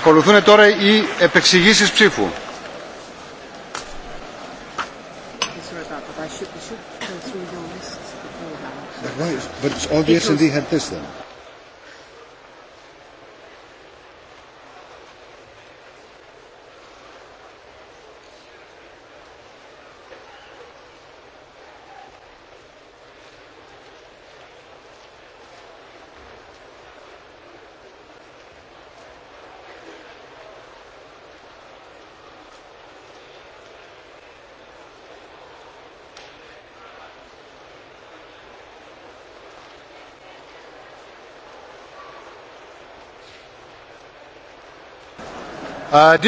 Ακολουθούν τώρα οι επεξηγήσεις ψήφου. 50... Uh,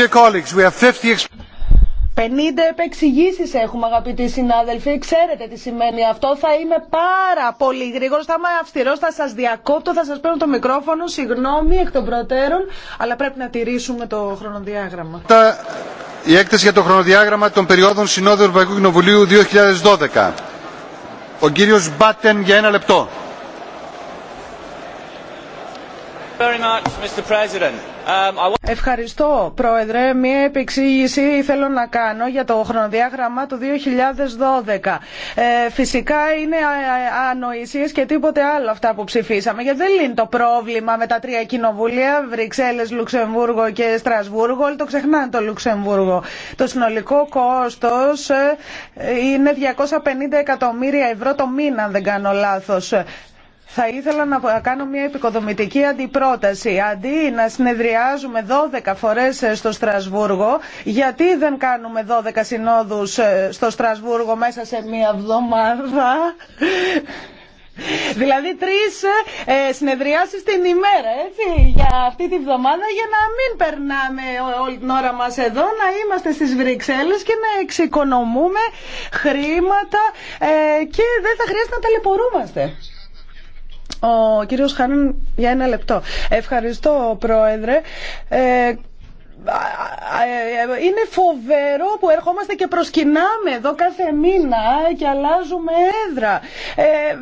επεξηγήσεις έχουμε αγαπητοί συνάδελφοι. Ξέρετε τι σημαίνει αυτό. Θα είμαι πάρα πολύ γρήγορο, θα είμαι αυστηρό, θα σας διακόπτω, θα σας παίρνω το μικρόφωνο. Συγγνώμη εκ των προτέρων, αλλά πρέπει να τηρήσουμε το χρονοδιάγραμμα. Η έκθεση για το χρονοδιάγραμμα των περιόδων Συνόδου Ευρωπαϊκού Κοινοβουλίου 2012. Ο κύριος Μπάτεν για ένα λεπτό. Very much, Mr. President. Ευχαριστώ, Πρόεδρε. Μία επεξήγηση θέλω να κάνω για το χρονοδιάγραμμα του 2012. Ε, φυσικά είναι ανοησίες και τίποτε άλλο αυτά που ψηφίσαμε, γιατί δεν λύνει το πρόβλημα με τα τρία κοινοβούλια, Βρυξέλλες, Λουξεμβούργο και Στρασβούργο. Όλοι το ξεχνάνε το Λουξεμβούργο. Το συνολικό κόστος ε, είναι 250 εκατομμύρια ευρώ το μήνα, αν δεν κάνω λάθος θα ήθελα να κάνω μια επικοδομητική αντιπρόταση. Αντί να συνεδριάζουμε 12 φορές ε, στο Στρασβούργο, γιατί δεν κάνουμε 12 συνόδους ε, στο Στρασβούργο μέσα σε μια εβδομάδα. Δηλαδή τρεις ε, συνεδριάσεις την ημέρα, έτσι, για αυτή τη βδομάδα για να μην περνάμε όλη την ώρα μας εδώ, να είμαστε στις Βρυξέλλες και να εξοικονομούμε χρήματα και δεν θα χρειάζεται να ταλαιπωρούμαστε. Ο κύριος Χάνεν για ένα λεπτό. Ευχαριστώ πρόεδρε. Ε, είναι φοβερό που ερχόμαστε και προσκυνάμε εδώ κάθε μήνα και αλλάζουμε έδρα. Ε,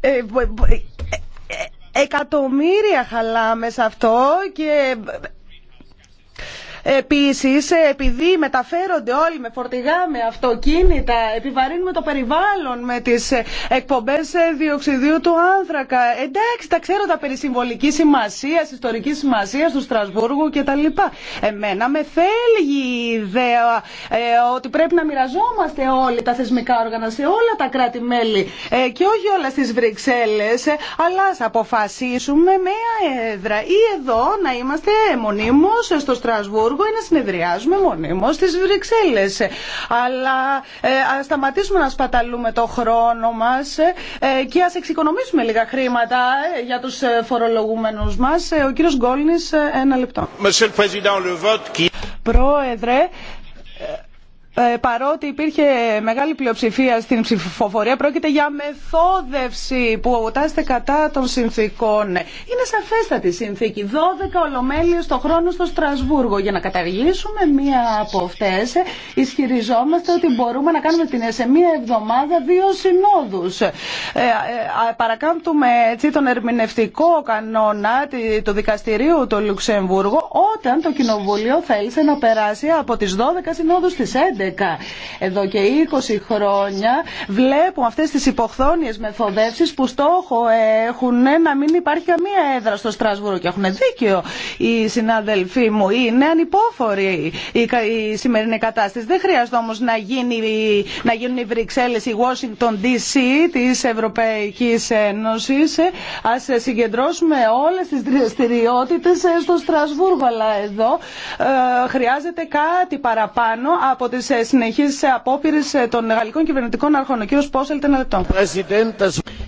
ε, εκατομμύρια χαλάμε σε αυτό και Επίσης, επειδή μεταφέρονται όλοι με φορτηγά, με αυτοκίνητα, επιβαρύνουμε το περιβάλλον με τις εκπομπές διοξιδίου του άνθρακα. Εντάξει, τα ξέρω τα περί συμβολικής σημασίας, ιστορικής σημασίας του Στρασβούργου κτλ. Εμένα με θέλει η ιδέα ε, ότι πρέπει να μοιραζόμαστε όλοι τα θεσμικά όργανα σε όλα τα κράτη-μέλη ε, και όχι όλα στις Βρυξέλλες, ε, αλλά ας αποφασίσουμε με αέδρα ή εδώ να είμαστε μονίμως στο Στρασβούργο εγώ ή να συνεδριάζουμε μονίμω στι Βρυξέλλε. Αλλά ε, ας σταματήσουμε να σπαταλούμε το χρόνο μα ε, ε, και α εξοικονομήσουμε λίγα χρήματα ε, για τους φορολογούμενους μας. Ο κύριος Γκόλνης, ένα λεπτό. Πρόεδρε, ε, παρότι υπήρχε μεγάλη πλειοψηφία στην ψηφοφορία, πρόκειται για μεθόδευση που οτάστε κατά των συνθήκων. Είναι σαφέστατη συνθήκη. 12 ολομέλειε το χρόνο στο Στρασβούργο. Για να καταργήσουμε μία από αυτέ, ισχυριζόμαστε ότι μπορούμε να κάνουμε την, σε μία εβδομάδα δύο συνόδου. Ε, ε, παρακάμπτουμε έτσι τον ερμηνευτικό κανόνα του δικαστηρίου του Λουξεμβούργου, όταν το Κοινοβούλιο θέλησε να περάσει από τι 12 συνόδου στι 11 εδώ και 20 χρόνια βλέπουμε αυτές τις υποχθόνιες μεθοδεύσεις που στόχο έχουν να μην υπάρχει καμία έδρα στο Στρασβούργο και έχουν δίκιο οι συναδελφοί μου. Είναι ανυπόφορη η σημερινή κατάσταση. Δεν χρειάζεται όμως να, γίνει, να γίνουν οι Βρυξέλλες, η Washington DC της Ευρωπαϊκής Ένωσης. Ας συγκεντρώσουμε όλες τις δραστηριότητε στο Στρασβούργο. Αλλά εδώ ε, χρειάζεται κάτι παραπάνω από τις συνεχίζει σε απόπειρε ε, των γαλλικών κυβερνητικών αρχών. Ο κύριος Πόσελτ, ένα λεπτό.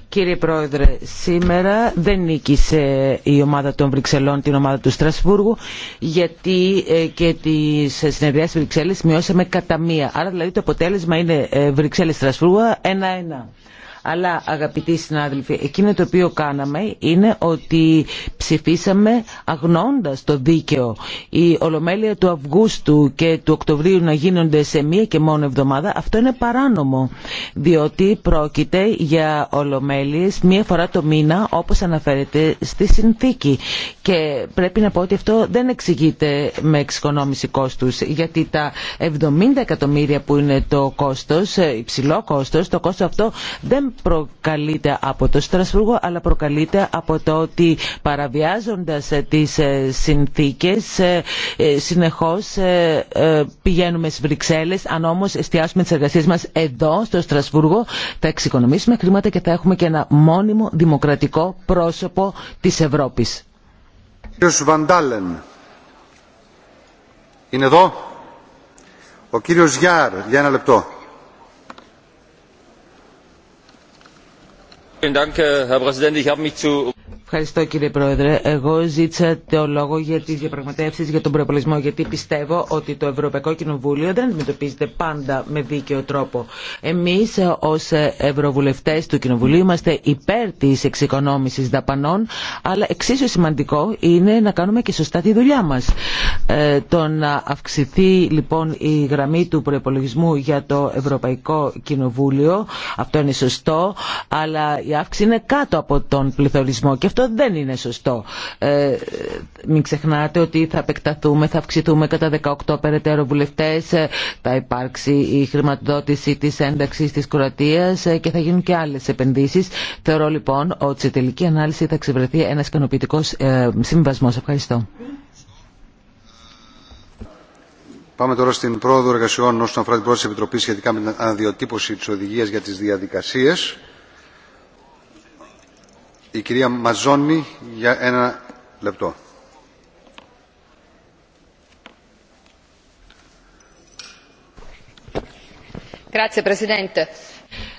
Κύριε Πρόεδρε, σήμερα δεν νίκησε η ομάδα των Βρυξελών την ομάδα του Στρασβούργου γιατί ε, και τι συνεδριάσεις Βρυξέλλες μειώσαμε κατά μία. Άρα δηλαδή το αποτέλεσμα είναι ε, Βρυξέλλες-Στρασβούργα 1-1. Αλλά αγαπητοί συνάδελφοι, εκείνο το οποίο κάναμε είναι ότι ψηφίσαμε αγνώντας το δίκαιο. Η Ολομέλεια του Αυγούστου και του Οκτωβρίου να γίνονται σε μία και μόνο εβδομάδα, αυτό είναι παράνομο. Διότι πρόκειται για Ολομέλειες μία φορά το μήνα όπως αναφέρεται στη συνθήκη. Και πρέπει να πω ότι αυτό δεν εξηγείται με εξοικονόμηση κόστους γιατί τα 70 εκατομμύρια που είναι το κόστος, ε, υψηλό κόστος, το κόστος αυτό δεν προκαλείται από το Στρασβούργο αλλά προκαλείται από το ότι παραβιάζοντας ε, τις ε, συνθήκες ε, συνεχώς πηγαίνουμε στις Βρυξέλλες αν όμως εστιάσουμε τις εργασίες μας εδώ στο Στρασβούργο θα εξοικονομήσουμε χρήματα και θα έχουμε και ένα μόνιμο δημοκρατικό πρόσωπο της Ευρώπης. Κύριος Βαντάλεν. Είναι εδώ. Ο κύριος Γιάρ, για ένα λεπτό. Herr Präsident, ich habe mich zu Ευχαριστώ κύριε Πρόεδρε. Εγώ ζήτησα το λόγο για τις διαπραγματεύσεις για τον προπολισμό γιατί πιστεύω ότι το Ευρωπαϊκό Κοινοβούλιο δεν αντιμετωπίζεται πάντα με δίκαιο τρόπο. Εμείς ως Ευρωβουλευτές του Κοινοβουλίου είμαστε υπέρ της εξοικονόμησης δαπανών αλλά εξίσου σημαντικό είναι να κάνουμε και σωστά τη δουλειά μας. Ε, το να αυξηθεί λοιπόν η γραμμή του προπολογισμού για το Ευρωπαϊκό Κοινοβούλιο αυτό είναι σωστό αλλά η αύξηση είναι κάτω από τον πληθωρισμό αυτό δεν είναι σωστό. Ε, μην ξεχνάτε ότι θα επεκταθούμε, θα αυξηθούμε κατά 18 περαιτέρω βουλευτέ, ε, θα υπάρξει η χρηματοδότηση τη ένταξη τη Κροατία ε, και θα γίνουν και άλλε επενδύσει. Θεωρώ λοιπόν ότι σε τελική ανάλυση θα ξεβρεθεί ένα ικανοποιητικό ε, συμβασμό. Ευχαριστώ. Πάμε τώρα στην πρόοδο εργασιών όσον αφορά την πρόταση Επιτροπή σχετικά με την αναδιοτύπωση τη οδηγία για τι διαδικασίε. Η κυρία Μαζόνι, για ένα λεπτό.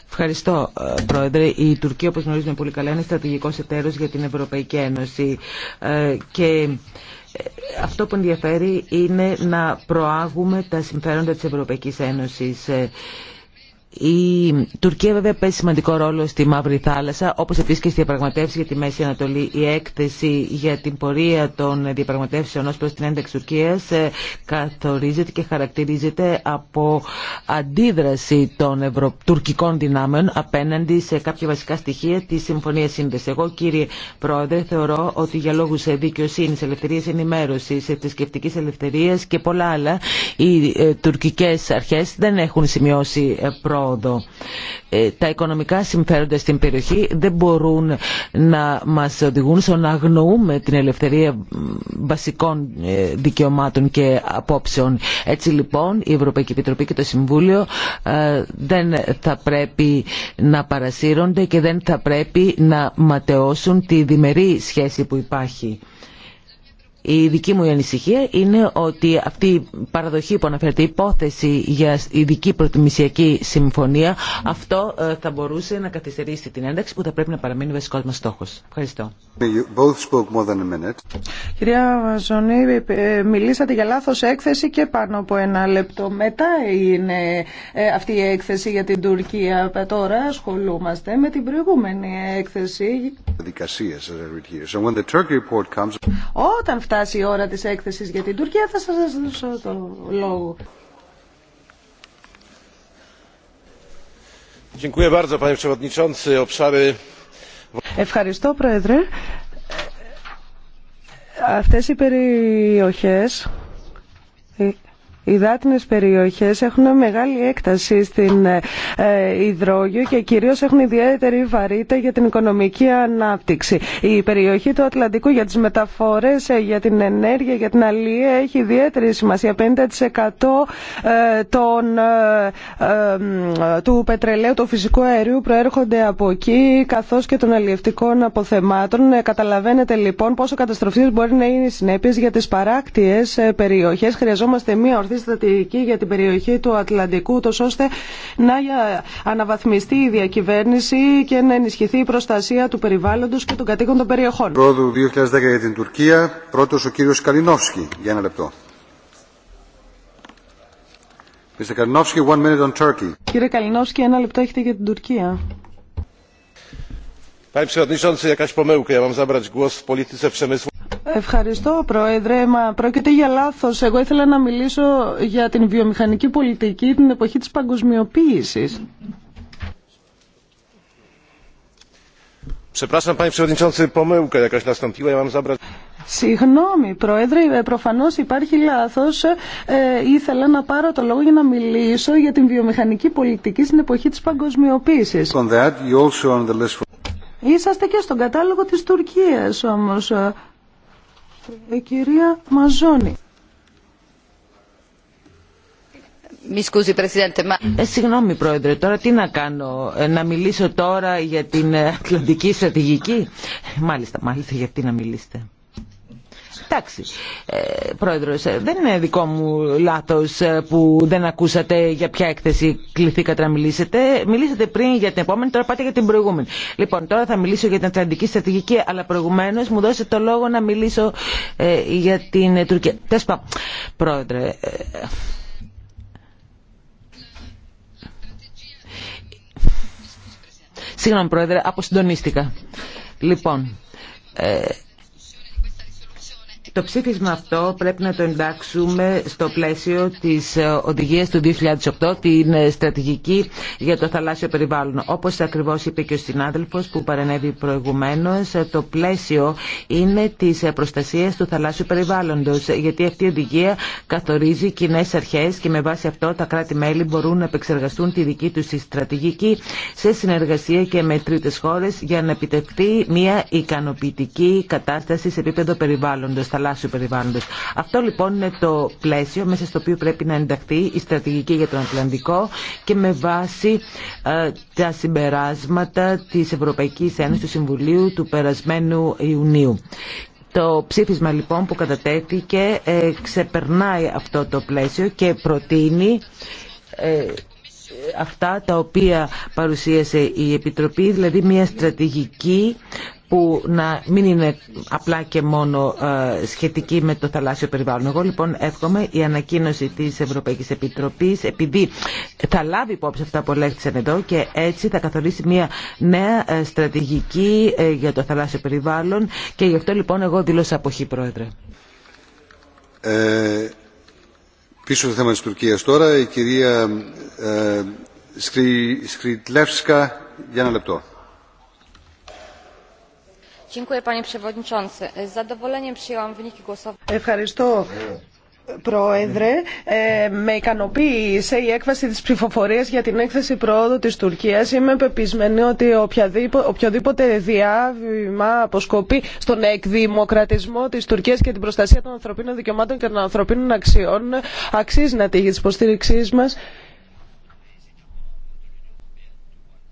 Ευχαριστώ, ε, Πρόεδρε. Η Τουρκία, όπως γνωρίζουμε πολύ καλά, είναι στρατηγικός εταίρος για την Ευρωπαϊκή Ένωση ε, και ε, αυτό που ενδιαφέρει είναι να προάγουμε τα συμφέροντα της Ευρωπαϊκής Ένωσης η Τουρκία βέβαια παίζει σημαντικό ρόλο στη Μαύρη Θάλασσα, όπως επίσης και στη διαπραγματεύση για τη Μέση Ανατολή. Η έκθεση για την πορεία των διαπραγματεύσεων ως προς την ένταξη Τουρκίας ε, καθορίζεται και χαρακτηρίζεται από αντίδραση των τουρκικών δυνάμεων απέναντι σε κάποια βασικά στοιχεία της Συμφωνίας Σύνδεσης. Εγώ κύριε Πρόεδρε θεωρώ ότι για λόγους δικαιοσύνης, ελευθερίας ενημέρωσης, θρησκευτική ελευθερία και πολλά άλλα οι ε, τουρκικές αρχές δεν έχουν σημειώσει ε, ε, τα οικονομικά συμφέροντα στην περιοχή δεν μπορούν να μας οδηγούν στο να αγνοούμε την ελευθερία βασικών ε, δικαιωμάτων και απόψεων. Έτσι λοιπόν η Ευρωπαϊκή Επιτροπή και το Συμβούλιο ε, δεν θα πρέπει να παρασύρονται και δεν θα πρέπει να ματαιώσουν τη διμερή σχέση που υπάρχει. Η δική μου ανησυχία είναι ότι αυτή η παραδοχή που αναφέρεται, η υπόθεση για ειδική προτιμησιακή συμφωνία, αυτό ε, θα μπορούσε να καθυστερήσει την ένταξη που θα πρέπει να παραμείνει βασικό μα στόχος. Ευχαριστώ. Κυρία Ζωνή, ε, μιλήσατε για λάθος έκθεση και πάνω από ένα λεπτό. Μετά είναι ε, αυτή η έκθεση για την Τουρκία. Τώρα ασχολούμαστε με την προηγούμενη έκθεση. Όταν φτάσει φτάσει η ώρα της έκθεσης για την Τουρκία θα σας δώσω το λόγο. Ευχαριστώ Πρόεδρε. Ε, ε, αυτές οι περιοχές ε, οι υδάτινες περιοχές έχουν μεγάλη έκταση στην ε, ε, υδρόγειο και κυρίως έχουν ιδιαίτερη βαρύτητα για την οικονομική ανάπτυξη. Η περιοχή του Ατλαντικού για τις μεταφορές, ε, για την ενέργεια, για την αλληλεία έχει ιδιαίτερη σημασία. 50% του πετρελαίου, του φυσικού αερίου προέρχονται από εκεί καθώς και των αλληλευτικών αποθεμάτων. Καταλαβαίνετε λοιπόν πόσο καταστροφής μπορεί να είναι οι συνέπειες για τις παράκτιες περιοχές. Χρειαζόμαστε μια ορθή τη για την περιοχή του Ατλαντικού, τόσο ώστε να αναβαθμιστεί η διακυβέρνηση και να ενισχυθεί η προστασία του περιβάλλοντος και των κατοίκων των περιοχών. Πρόεδρο 2010 για την Τουρκία, πρώτος ο κύριος Καλινόφσκι, για ένα λεπτό. Mr. Kalinowski, one minute on Turkey. Κύριε Καλινόφσκι, ένα λεπτό έχετε για την Τουρκία. Panie Przewodniczący, jakaś pomyłka. Ja mam zabrać głos w polityce przemysłu. Ευχαριστώ, Πρόεδρε. Μα πρόκειται για λάθος. Εγώ ήθελα να μιλήσω για την βιομηχανική πολιτική την εποχή της παγκοσμιοποίησης. Συγγνώμη, Πρόεδρε, ε, προφανώς υπάρχει λάθος. Ε, ήθελα να πάρω το λόγο για να μιλήσω για την βιομηχανική πολιτική στην εποχή της παγκοσμιοποίησης. Είσαστε και στον κατάλογο της Τουρκίας όμως. Ε, η κυρία Μαζόνη. Ε, συγγνώμη πρόεδρε, τώρα τι να κάνω, ε, να μιλήσω τώρα για την ε, Ατλαντική Στρατηγική. Ε, μάλιστα, μάλιστα, γιατί να μιλήσετε. Εντάξει, ε, πρόεδρος, ε, δεν είναι δικό μου λάθος ε, που δεν ακούσατε για ποια έκθεση κληθήκατε να μιλήσετε. Μιλήσατε πριν για την επόμενη, τώρα πάτε για την προηγούμενη. Λοιπόν, τώρα θα μιλήσω για την Ατλαντική Στρατηγική, αλλά προηγουμένω μου δώσετε το λόγο να μιλήσω για την Τουρκία. Τέσπα. πρόεδρε. Συγγνώμη, πρόεδρε, αποσυντονίστηκα. Λοιπόν, το ψήφισμα αυτό πρέπει να το εντάξουμε στο πλαίσιο της ε, οδηγίας του 2008, την ε, στρατηγική για το θαλάσσιο περιβάλλον. Όπως ακριβώς είπε και ο συνάδελφος που παρενέβη προηγουμένως, ε, το πλαίσιο είναι της προστασίας του θαλάσσιου περιβάλλοντος, γιατί αυτή η οδηγία καθορίζει κοινέ αρχές και με βάση αυτό τα κράτη-μέλη μπορούν να επεξεργαστούν τη δική τους στρατηγική σε συνεργασία και με τρίτες χώρες για να επιτευχθεί μια ικανοποιητική κατάσταση σε επίπεδο περιβάλλοντος. Αυτό λοιπόν είναι το πλαίσιο μέσα στο οποίο πρέπει να ενταχθεί η στρατηγική για τον Ατλαντικό και με βάση ε, τα συμπεράσματα της Ευρωπαϊκής Ένωσης του Συμβουλίου του περασμένου Ιουνίου. Το ψήφισμα λοιπόν που κατατέθηκε ε, ξεπερνάει αυτό το πλαίσιο και προτείνει ε, αυτά τα οποία παρουσίασε η Επιτροπή, δηλαδή μια στρατηγική που να μην είναι απλά και μόνο ε, σχετική με το θαλάσσιο περιβάλλον. Εγώ λοιπόν εύχομαι η ανακοίνωση της Ευρωπαϊκής Επιτροπής επειδή θα λάβει υπόψη αυτά που ελέγχθησαν εδώ και έτσι θα καθορίσει μια νέα ε, στρατηγική ε, για το θαλάσσιο περιβάλλον και γι' αυτό λοιπόν εγώ δήλωσα αποχή Πρόεδρε. Ε, πίσω το θέμα της Τουρκίας τώρα η κυρία ε, Σκριτλεύσκα για ένα λεπτό. Ευχαριστώ, Πρόεδρε. Ε, με ικανοποίησε η έκβαση της ψηφοφορίας για την έκθεση πρόοδου της Τουρκίας. Είμαι πεπισμένη ότι οποιοδήποτε διάβημα αποσκοπεί στον εκδημοκρατισμό της Τουρκίας και την προστασία των ανθρωπίνων δικαιωμάτων και των ανθρωπίνων αξιών αξίζει να τύχει της υποστήριξής μας.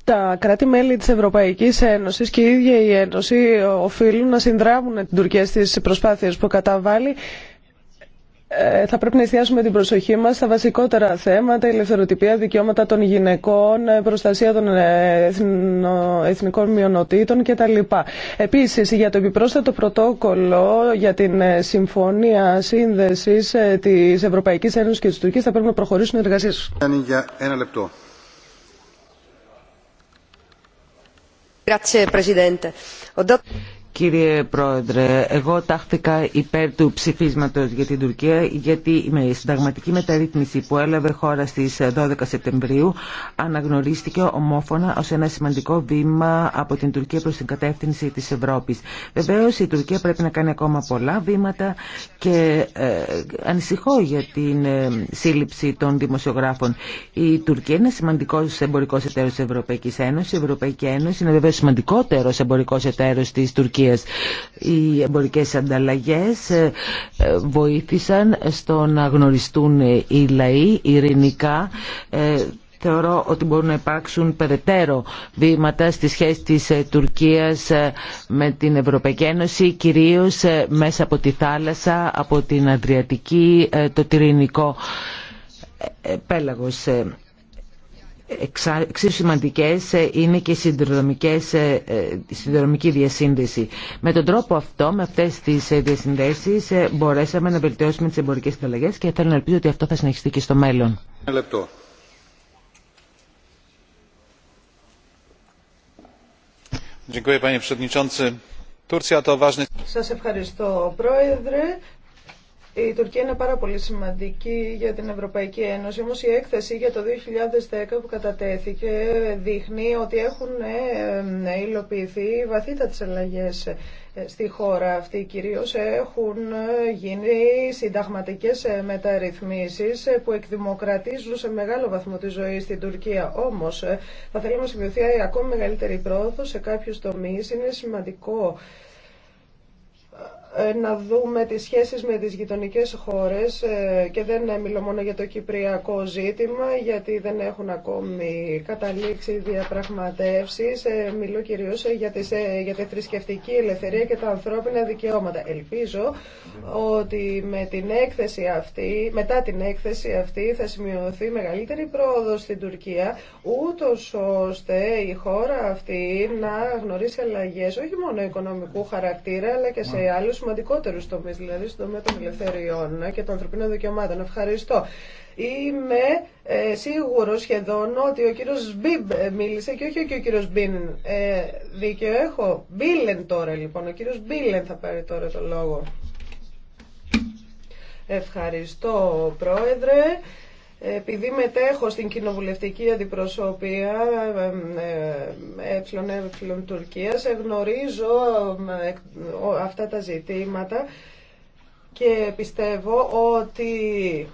τα κράτη-μέλη της Ευρωπαϊκής Ένωσης και η ίδια η Ένωση οφείλουν να συνδράμουν την Τουρκία στις προσπάθειες που καταβάλει ε, θα πρέπει να εστιάσουμε την προσοχή μας στα βασικότερα θέματα, ελευθεροτυπία, δικαιώματα των γυναικών, προστασία των ε, εθνικών μειονοτήτων κτλ. Επίσης, για το επιπρόσθετο πρωτόκολλο για την ε, Συμφωνία Σύνδεσης της Ευρωπαϊκής Ένωσης και της Τουρκίας θα πρέπει να προχωρήσουν εργασίες. Για ένα λεπτό. Grazie, Presidente. Κύριε Πρόεδρε, εγώ τάχθηκα υπέρ του ψηφίσματος για την Τουρκία γιατί η συνταγματική μεταρρύθμιση που έλαβε χώρα στις 12 ε, Σεπτεμβρίου αναγνωρίστηκε ομόφωνα ως ένα σημαντικό βήμα από την Τουρκία προς την κατεύθυνση της Ευρώπης. Βεβαίως η Τουρκία πρέπει να κάνει ακόμα πολλά βήματα και ε, ανησυχώ για την ε, σύλληψη των δημοσιογράφων. Η Τουρκία είναι σημαντικός εμπορικός εταίρος της Ευρωπαϊκής Ένωσης. Η Ευρωπαϊκή Ένωση είναι βεβαίω σημαντικότερος εμπορικός εταίρος της Τουρκίας οι εμπορικές ανταλλαγές ε, ε, βοήθησαν στο να γνωριστούν οι λαοί ειρηνικά ε, θεωρώ ότι μπορούν να υπάρξουν περαιτέρω βήματα στη σχέση της Τουρκίας με την Ευρωπαϊκή Ένωση, κυρίως μέσα από τη θάλασσα, από την Αδριατική, το Τυρινικό πέλαγος. Εξίσου σημαντικέ ε, είναι και η ε, ε, συνδρομική διασύνδεση. Με τον τρόπο αυτό, με αυτέ τι διασυνδέσει, μπορέσαμε να βελτιώσουμε τι εμπορικέ συναλλαγέ και θέλω να ελπίζω ότι αυτό θα συνεχιστεί και στο μέλλον. Ένα λεπτό. Σας ευχαριστώ, Πρόεδρε. Η Τουρκία είναι πάρα πολύ σημαντική για την Ευρωπαϊκή Ένωση, όμως η έκθεση για το 2010 που κατατέθηκε δείχνει ότι έχουν ε, ε, υλοποιηθεί βαθύτατες αλλαγές ε, στη χώρα αυτή. Κυρίως έχουν γίνει συνταγματικές μεταρρυθμίσεις που εκδημοκρατίζουν σε μεγάλο βαθμό τη ζωή στην Τουρκία. Όμως θα θέλαμε να συμβιωθεί ακόμη μεγαλύτερη πρόοδο σε κάποιους τομείς. Είναι σημαντικό ε, να δούμε τις σχέσεις με τις γειτονικές χώρες ε, και δεν μιλώ μόνο για το κυπριακό ζήτημα γιατί δεν έχουν ακόμη καταλήξει διαπραγματεύσεις ε, μιλώ κυρίως για, τις, για τη θρησκευτική ελευθερία και τα ανθρώπινα δικαιώματα ελπίζω ότι με την έκθεση αυτή, μετά την έκθεση αυτή θα σημειωθεί μεγαλύτερη πρόοδος στην Τουρκία ούτως ώστε η χώρα αυτή να γνωρίσει αλλαγές όχι μόνο οικονομικού χαρακτήρα αλλά και σε άλλους σημαντικότερου τομεί, δηλαδή στον τομέα των ελευθεριών και των ανθρωπίνων δικαιωμάτων. Ευχαριστώ. Είμαι ε, σίγουρο σχεδόν ότι ο κύριο Μπίμπ ε, μίλησε και όχι ο κύριο Μπίν Ε, δίκαιο έχω. Μπίλεν τώρα λοιπόν. Ο κύριο Μπίλεν θα πάρει τώρα το λόγο. Ευχαριστώ πρόεδρε. Επειδή μετέχω στην κοινοβουλευτική αντιπροσωπεία ΕΕ Τουρκίας, γνωρίζω αυτά τα ζητήματα και πιστεύω ότι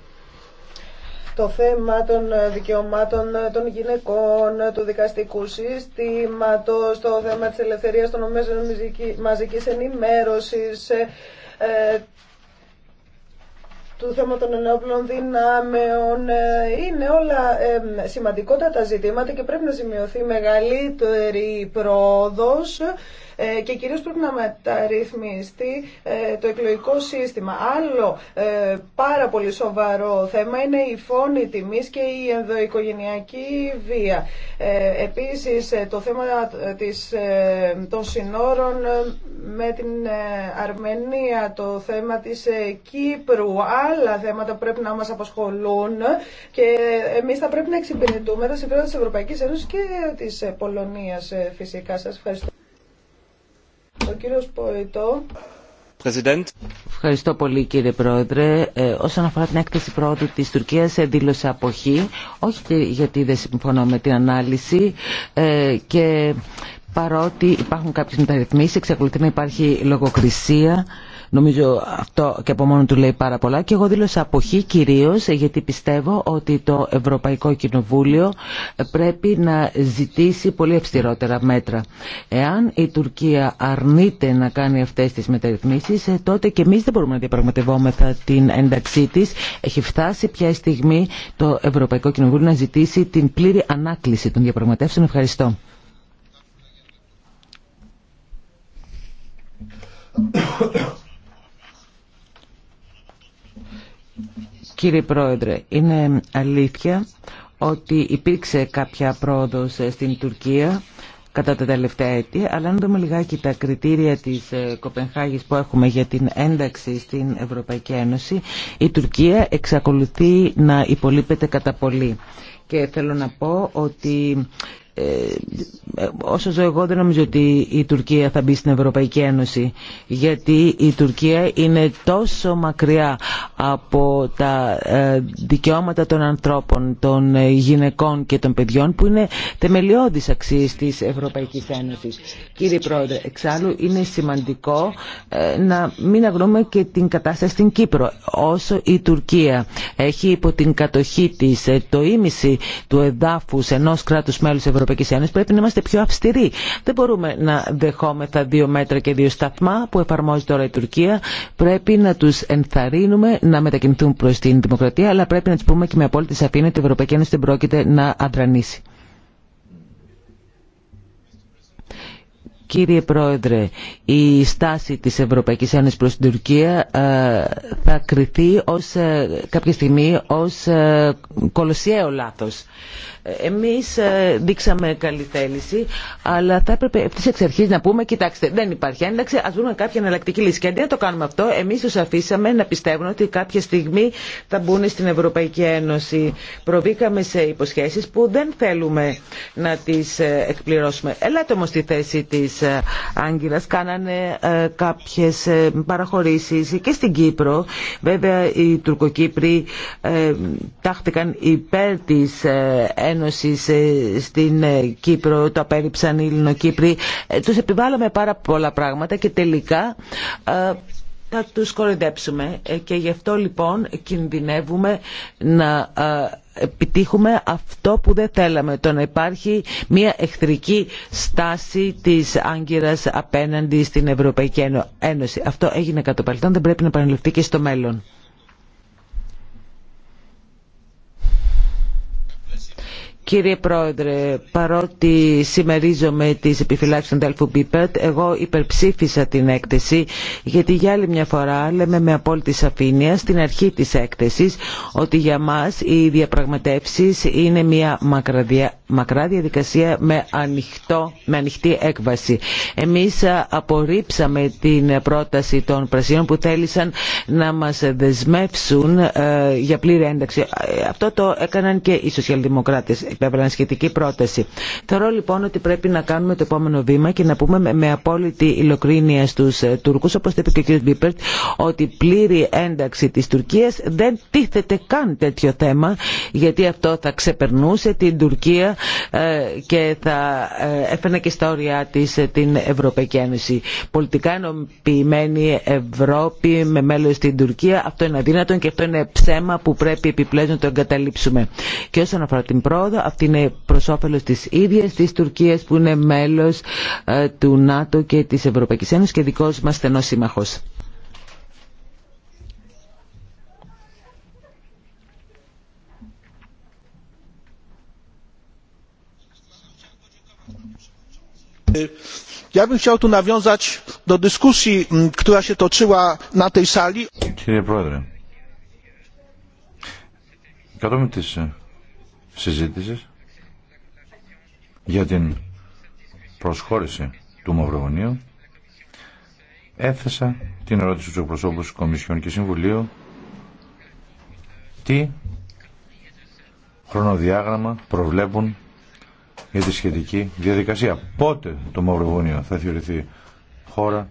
το θέμα των δικαιωμάτων των γυναικών, του δικαστικού συστήματος, το θέμα της ελευθερίας των μαζικής ενημέρωσης, του θέμα των ενόπλων δυνάμεων. Ε, είναι όλα σημαντικότατα ζητήματα και πρέπει να σημειωθεί μεγαλύτερη πρόοδος. Ε, και κυρίω πρέπει να μεταρρυθμιστεί ε, το εκλογικό σύστημα. Άλλο ε, πάρα πολύ σοβαρό θέμα είναι η φόνη τιμή και η ενδοοικογενειακή βία. Επίσης το θέμα της, των συνόρων με την Αρμενία, το θέμα της Κύπρου, άλλα θέματα που πρέπει να μας απασχολούν και εμείς θα πρέπει να εξυπηρετούμε τα συμφέροντα της Ευρωπαϊκής Ένωσης και της Πολωνίας φυσικά. Σας ευχαριστώ. Ο Ποητό. Ευχαριστώ πολύ κύριε Πρόεδρε. Ε, όσον αφορά την έκθεση πρόοδου της Τουρκίας ε, δήλωσε αποχή, όχι γιατί δεν συμφωνώ με την ανάλυση ε, και παρότι υπάρχουν κάποιες μεταρρυθμίσεις, εξακολουθεί να υπάρχει λογοκρισία Νομίζω αυτό και από μόνο του λέει πάρα πολλά και εγώ δήλωσα αποχή κυρίως ε, γιατί πιστεύω ότι το Ευρωπαϊκό Κοινοβούλιο ε, πρέπει να ζητήσει πολύ αυστηρότερα μέτρα. Εάν η Τουρκία αρνείται να κάνει αυτές τις μεταρρυθμίσεις ε, τότε και εμείς δεν μπορούμε να διαπραγματευόμεθα την ένταξή της. Έχει φτάσει πια η στιγμή το Ευρωπαϊκό Κοινοβούλιο να ζητήσει την πλήρη ανάκληση των διαπραγματεύσεων. Ευχαριστώ. Κύριε Πρόεδρε, είναι αλήθεια ότι υπήρξε κάποια πρόοδος στην Τουρκία κατά τα τελευταία έτη, αλλά αν δούμε λιγάκι τα κριτήρια της ε, Κοπενχάγης που έχουμε για την ένταξη στην Ευρωπαϊκή Ένωση, η Τουρκία εξακολουθεί να υπολείπεται κατά πολύ. Και θέλω να πω ότι ε, όσο ζω εγώ δεν νομίζω ότι η Τουρκία θα μπει στην Ευρωπαϊκή Ένωση γιατί η Τουρκία είναι τόσο μακριά από τα ε, δικαιώματα των ανθρώπων, των ε, γυναικών και των παιδιών που είναι θεμελιώδης αξίες της Ευρωπαϊκής Ένωσης. Κύριε Πρόεδρε, εξάλλου είναι σημαντικό να μην αγνοούμε και την κατάσταση στην Κύπρο. Όσο η Τουρκία έχει υπό την κατοχή της το ίμιση του εδάφους ενός κράτους μέλους Ευρωπαϊκής Ευρωπαϊκή Ένωσης πρέπει να είμαστε πιο αυστηροί. Δεν μπορούμε να δεχόμεθα δύο μέτρα και δύο σταθμά που εφαρμόζει τώρα η Τουρκία. Πρέπει να τους ενθαρρύνουμε να μετακινηθούν προς την δημοκρατία αλλά πρέπει να τους πούμε και με απόλυτη σαφήνεια ότι η Ευρωπαϊκή Ένωση δεν πρόκειται να αντρανίσει. Κύριε Πρόεδρε, η στάση της Ευρωπαϊκής Ένωσης προς την Τουρκία ε, θα κριθεί ως, ε, κάποια στιγμή ως ε, κολοσιαίο λάθος. Εμείς ε, δείξαμε καλή θέληση, αλλά θα έπρεπε ευθύ εξ αρχή να πούμε, κοιτάξτε, δεν υπάρχει ένταξη, ας βρούμε κάποια εναλλακτική λύση. Και αντί να το κάνουμε αυτό, εμείς τους αφήσαμε να πιστεύουν ότι κάποια στιγμή θα μπουν στην Ευρωπαϊκή Ένωση. Προβήκαμε σε υποσχέσεις που δεν θέλουμε να τις ε, εκπληρώσουμε. Ελάτε όμως στη θέση της ε, Άγκυρας, κάνανε κάποιες παραχωρήσεις και στην Κύπρο. Βέβαια οι Τουρκοκύπροι τάχτηκαν υπέρ της ε, στην ε, Κύπρο, το απέριψαν οι Ελληνοκύπροι. Ε, τους επιβάλαμε πάρα πολλά πράγματα και τελικά θα τους κοροϊδέψουμε και γι' αυτό λοιπόν κινδυνεύουμε να επιτύχουμε αυτό που δεν θέλαμε, το να υπάρχει μια εχθρική στάση της Άγκυρας απέναντι στην Ευρωπαϊκή Ένωση. Αυτό έγινε παρελθόν δεν πρέπει να επαναληφθεί και στο μέλλον. Κύριε Πρόεδρε, παρότι συμμερίζομαι τις επιφυλάξεις του Ντέλφου Μπίπερτ, εγώ υπερψήφισα την έκθεση, γιατί για άλλη μια φορά λέμε με απόλυτη σαφήνεια στην αρχή της έκθεσης ότι για μας οι διαπραγματεύσεις είναι μια μακρά διαδικασία με, ανοιχτό, με ανοιχτή έκβαση. Εμείς απορρίψαμε την πρόταση των Πρασίνων που θέλησαν να μας δεσμεύσουν ε, για πλήρη ένταξη. Ε, αυτό το έκαναν και οι σοσιαλδημοκράτες υπέβαλαν σχετική πρόταση. Θεωρώ λοιπόν ότι πρέπει να κάνουμε το επόμενο βήμα και να πούμε με απόλυτη ειλοκρίνεια στου ε, Τουρκου, όπω είπε και ο κ. Μπίπερτ, ότι πλήρη ένταξη τη Τουρκία δεν τίθεται καν τέτοιο θέμα, γιατί αυτό θα ξεπερνούσε την Τουρκία ε, και θα ε, έφερνε και στα όρια τη την Ευρωπαϊκή Ένωση. Πολιτικά ενοποιημένη Ευρώπη με μέλο στην Τουρκία, αυτό είναι αδύνατο και αυτό είναι ψέμα που πρέπει επιπλέον να το εγκαταλείψουμε. Και όσον αφορά την πρόοδο, αυτή είναι προ όφελο τη ίδια τη Τουρκία που είναι μέλο ε, του ΝΑΤΟ και τη Ευρωπαϊκή Ένωση και δικό μα στενό σύμμαχο. ja bym chciał tu nawiązać do dyskusji która się toczyła na tej sali. Κύριε Πρόεδρε, κατόπιν ε, Συζήτηση για την προσχώρηση του Μαυρογονίου έθεσα την ερώτηση στους της Κομισιόν και Συμβουλίου τι χρονοδιάγραμμα προβλέπουν για τη σχετική διαδικασία. Πότε το Μαυροβούνιο θα θεωρηθεί χώρα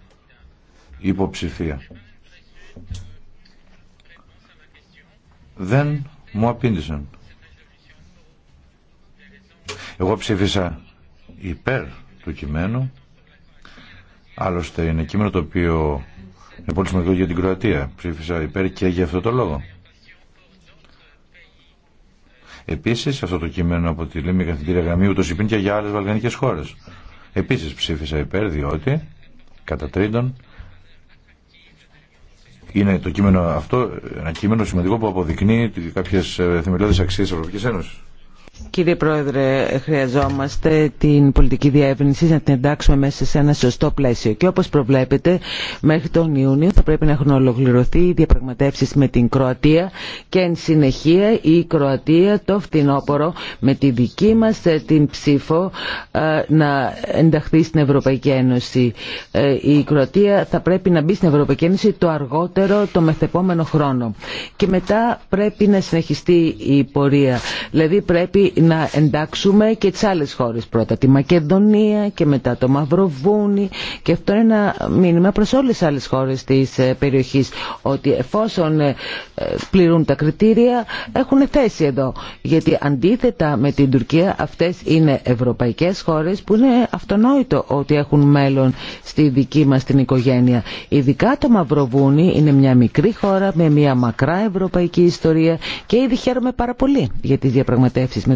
υποψηφία. Δεν μου απήντησαν εγώ ψήφισα υπέρ του κειμένου. Άλλωστε είναι κείμενο το οποίο είναι πολύ σημαντικό για την Κροατία. Ψήφισα υπέρ και για αυτό το λόγο. Επίσης αυτό το κείμενο από τη λέμε καθηγητήρια γραμμή ούτως υπήρχε και για άλλες βαλκανικές χώρες. Επίσης ψήφισα υπέρ διότι κατά τρίτον είναι το κείμενο αυτό ένα κείμενο σημαντικό που αποδεικνύει κάποιες ε, θεμελιώδεις αξίες της Ευρωπαϊκής Ένωσης. Κύριε Πρόεδρε, χρειαζόμαστε την πολιτική διεύρυνση να την εντάξουμε μέσα σε ένα σωστό πλαίσιο. Και όπως προβλέπετε, μέχρι τον Ιούνιο θα πρέπει να έχουν ολοκληρωθεί οι διαπραγματεύσεις με την Κροατία και εν συνεχεία η Κροατία το φθινόπωρο με τη δική μας ε, την ψήφο ε, να ενταχθεί στην Ευρωπαϊκή Ένωση. Ε, η Κροατία θα πρέπει να μπει στην Ευρωπαϊκή Ένωση το αργότερο το μεθεπόμενο χρόνο. Και μετά πρέπει να συνεχιστεί η πορεία. Δηλαδή πρέπει να εντάξουμε και τις άλλες χώρες πρώτα, τη Μακεδονία και μετά το Μαυροβούνι και αυτό είναι ένα μήνυμα προς όλες τις άλλες χώρες της ε, περιοχής ότι εφόσον ε, πληρούν τα κριτήρια έχουν θέση εδώ γιατί αντίθετα με την Τουρκία αυτές είναι ευρωπαϊκές χώρες που είναι αυτονόητο ότι έχουν μέλλον στη δική μας την οικογένεια. Ειδικά το Μαυροβούνι είναι μια μικρή χώρα με μια μακρά ευρωπαϊκή ιστορία και ήδη χαίρομαι πάρα πολύ για τις διαπραγματεύσεις με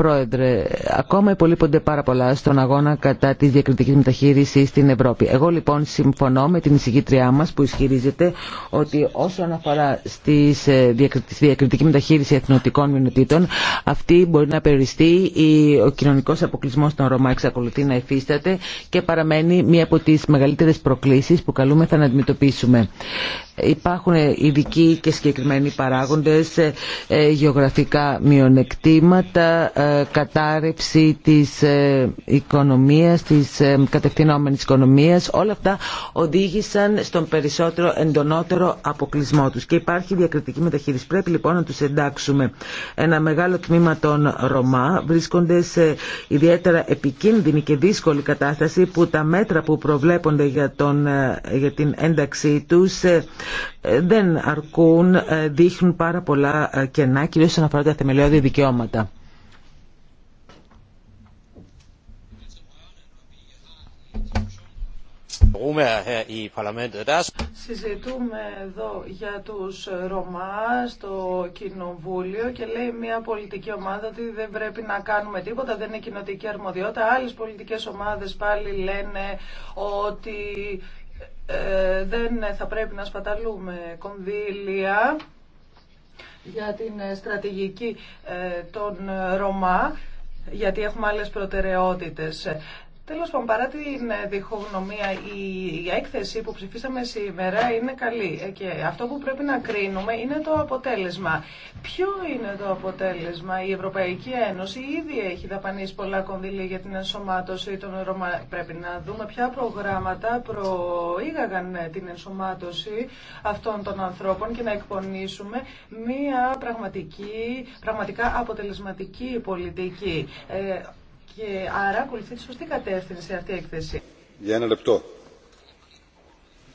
Πρόεδρε, ακόμα υπολείπονται πάρα πολλά στον αγώνα κατά τη διακριτική μεταχείριση στην Ευρώπη. Εγώ λοιπόν συμφωνώ με την εισηγήτριά μα που ισχυρίζεται ότι όσον αφορά ε, στη διακριτική μεταχείριση εθνοτικών μειονοτήτων, αυτή μπορεί να περιοριστεί. Ο κοινωνικό αποκλεισμό των Ρωμά εξακολουθεί να υφίσταται και παραμένει μία από τι μεγαλύτερε προκλήσει που καλούμεθα να αντιμετωπίσουμε. Υπάρχουν ειδικοί και συγκεκριμένοι παράγοντες, ε, ε, γεωγραφικά μειονεκτήματα, ε, κατάρρευση της οικονομίας, της κατευθυνόμενης οικονομίας. Όλα αυτά οδήγησαν στον περισσότερο εντονότερο αποκλεισμό τους. Και υπάρχει διακριτική μεταχείριση. Πρέπει λοιπόν να τους εντάξουμε. Ένα μεγάλο τμήμα των Ρωμά βρίσκονται σε ιδιαίτερα επικίνδυνη και δύσκολη κατάσταση που τα μέτρα που προβλέπονται για, τον, για την ένταξή τους ε, δεν αρκούν, ε, δείχνουν πάρα πολλά ε, κενά, κυρίως όσον αφορά τα θεμελιώδη δικαιώματα. Συζητούμε εδώ για τους Ρωμά στο Κοινοβούλιο και λέει μια πολιτική ομάδα ότι δεν πρέπει να κάνουμε τίποτα, δεν είναι κοινοτική αρμοδιότητα. Άλλες πολιτικές ομάδες πάλι λένε ότι ε, δεν θα πρέπει να σπαταλούμε κονδύλια για την ε, στρατηγική ε, των Ρωμά, γιατί έχουμε άλλες προτεραιότητες. Τέλο πάντων, παρά την ε, διχογνωμία, η έκθεση που ψηφίσαμε σήμερα είναι καλή. Ε, και αυτό που πρέπει να κρίνουμε είναι το αποτέλεσμα. Ποιο είναι το αποτέλεσμα. Η Ευρωπαϊκή Ένωση ήδη έχει δαπανίσει πολλά κονδύλια για την ενσωμάτωση των Ρωμα. Πρέπει να δούμε ποια προγράμματα προήγαγαν ε, την ενσωμάτωση αυτών των ανθρώπων και να εκπονήσουμε μία πραγματική, πραγματικά αποτελεσματική πολιτική και άρα ακολουθεί τη σωστή κατεύθυνση αυτή η έκθεση. Για ένα λεπτό.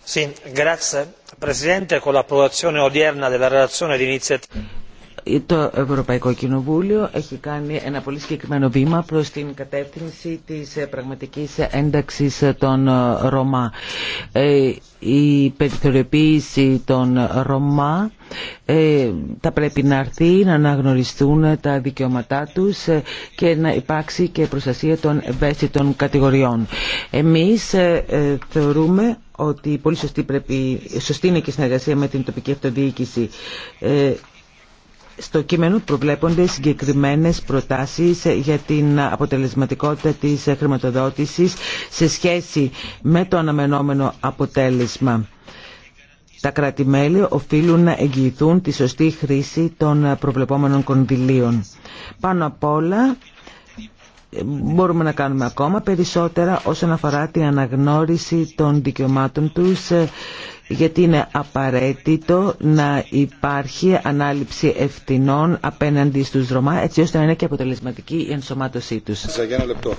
Sì, grazie. Presidente, con l'approvazione odierna della relazione di iniziativa το Ευρωπαϊκό Κοινοβούλιο έχει κάνει ένα πολύ συγκεκριμένο βήμα προς την κατεύθυνση της ε, πραγματικής ένταξης ε, των ε, Ρωμά. Η περιθωριοποίηση των Ρωμά θα πρέπει να έρθει να αναγνωριστούν τα δικαιώματά τους και να υπάρξει και προστασία των ευαίσθητων κατηγοριών. Εμείς θεωρούμε ότι πολύ σωστή, πρέπει, σωστή είναι και η συνεργασία με την τοπική αυτοδιοίκηση στο κείμενο προβλέπονται συγκεκριμένες προτάσεις για την αποτελεσματικότητα της χρηματοδότησης σε σχέση με το αναμενόμενο αποτέλεσμα. Τα κράτη-μέλη οφείλουν να εγγυηθούν τη σωστή χρήση των προβλεπόμενων κονδυλίων. Πάνω απ' όλα μπορούμε να κάνουμε ακόμα περισσότερα όσον αφορά την αναγνώριση των δικαιωμάτων τους ε, γιατί είναι απαραίτητο να υπάρχει ανάληψη ευθυνών απέναντι στους Ρωμά έτσι ώστε να είναι και αποτελεσματική η ενσωμάτωσή τους. λεπτό.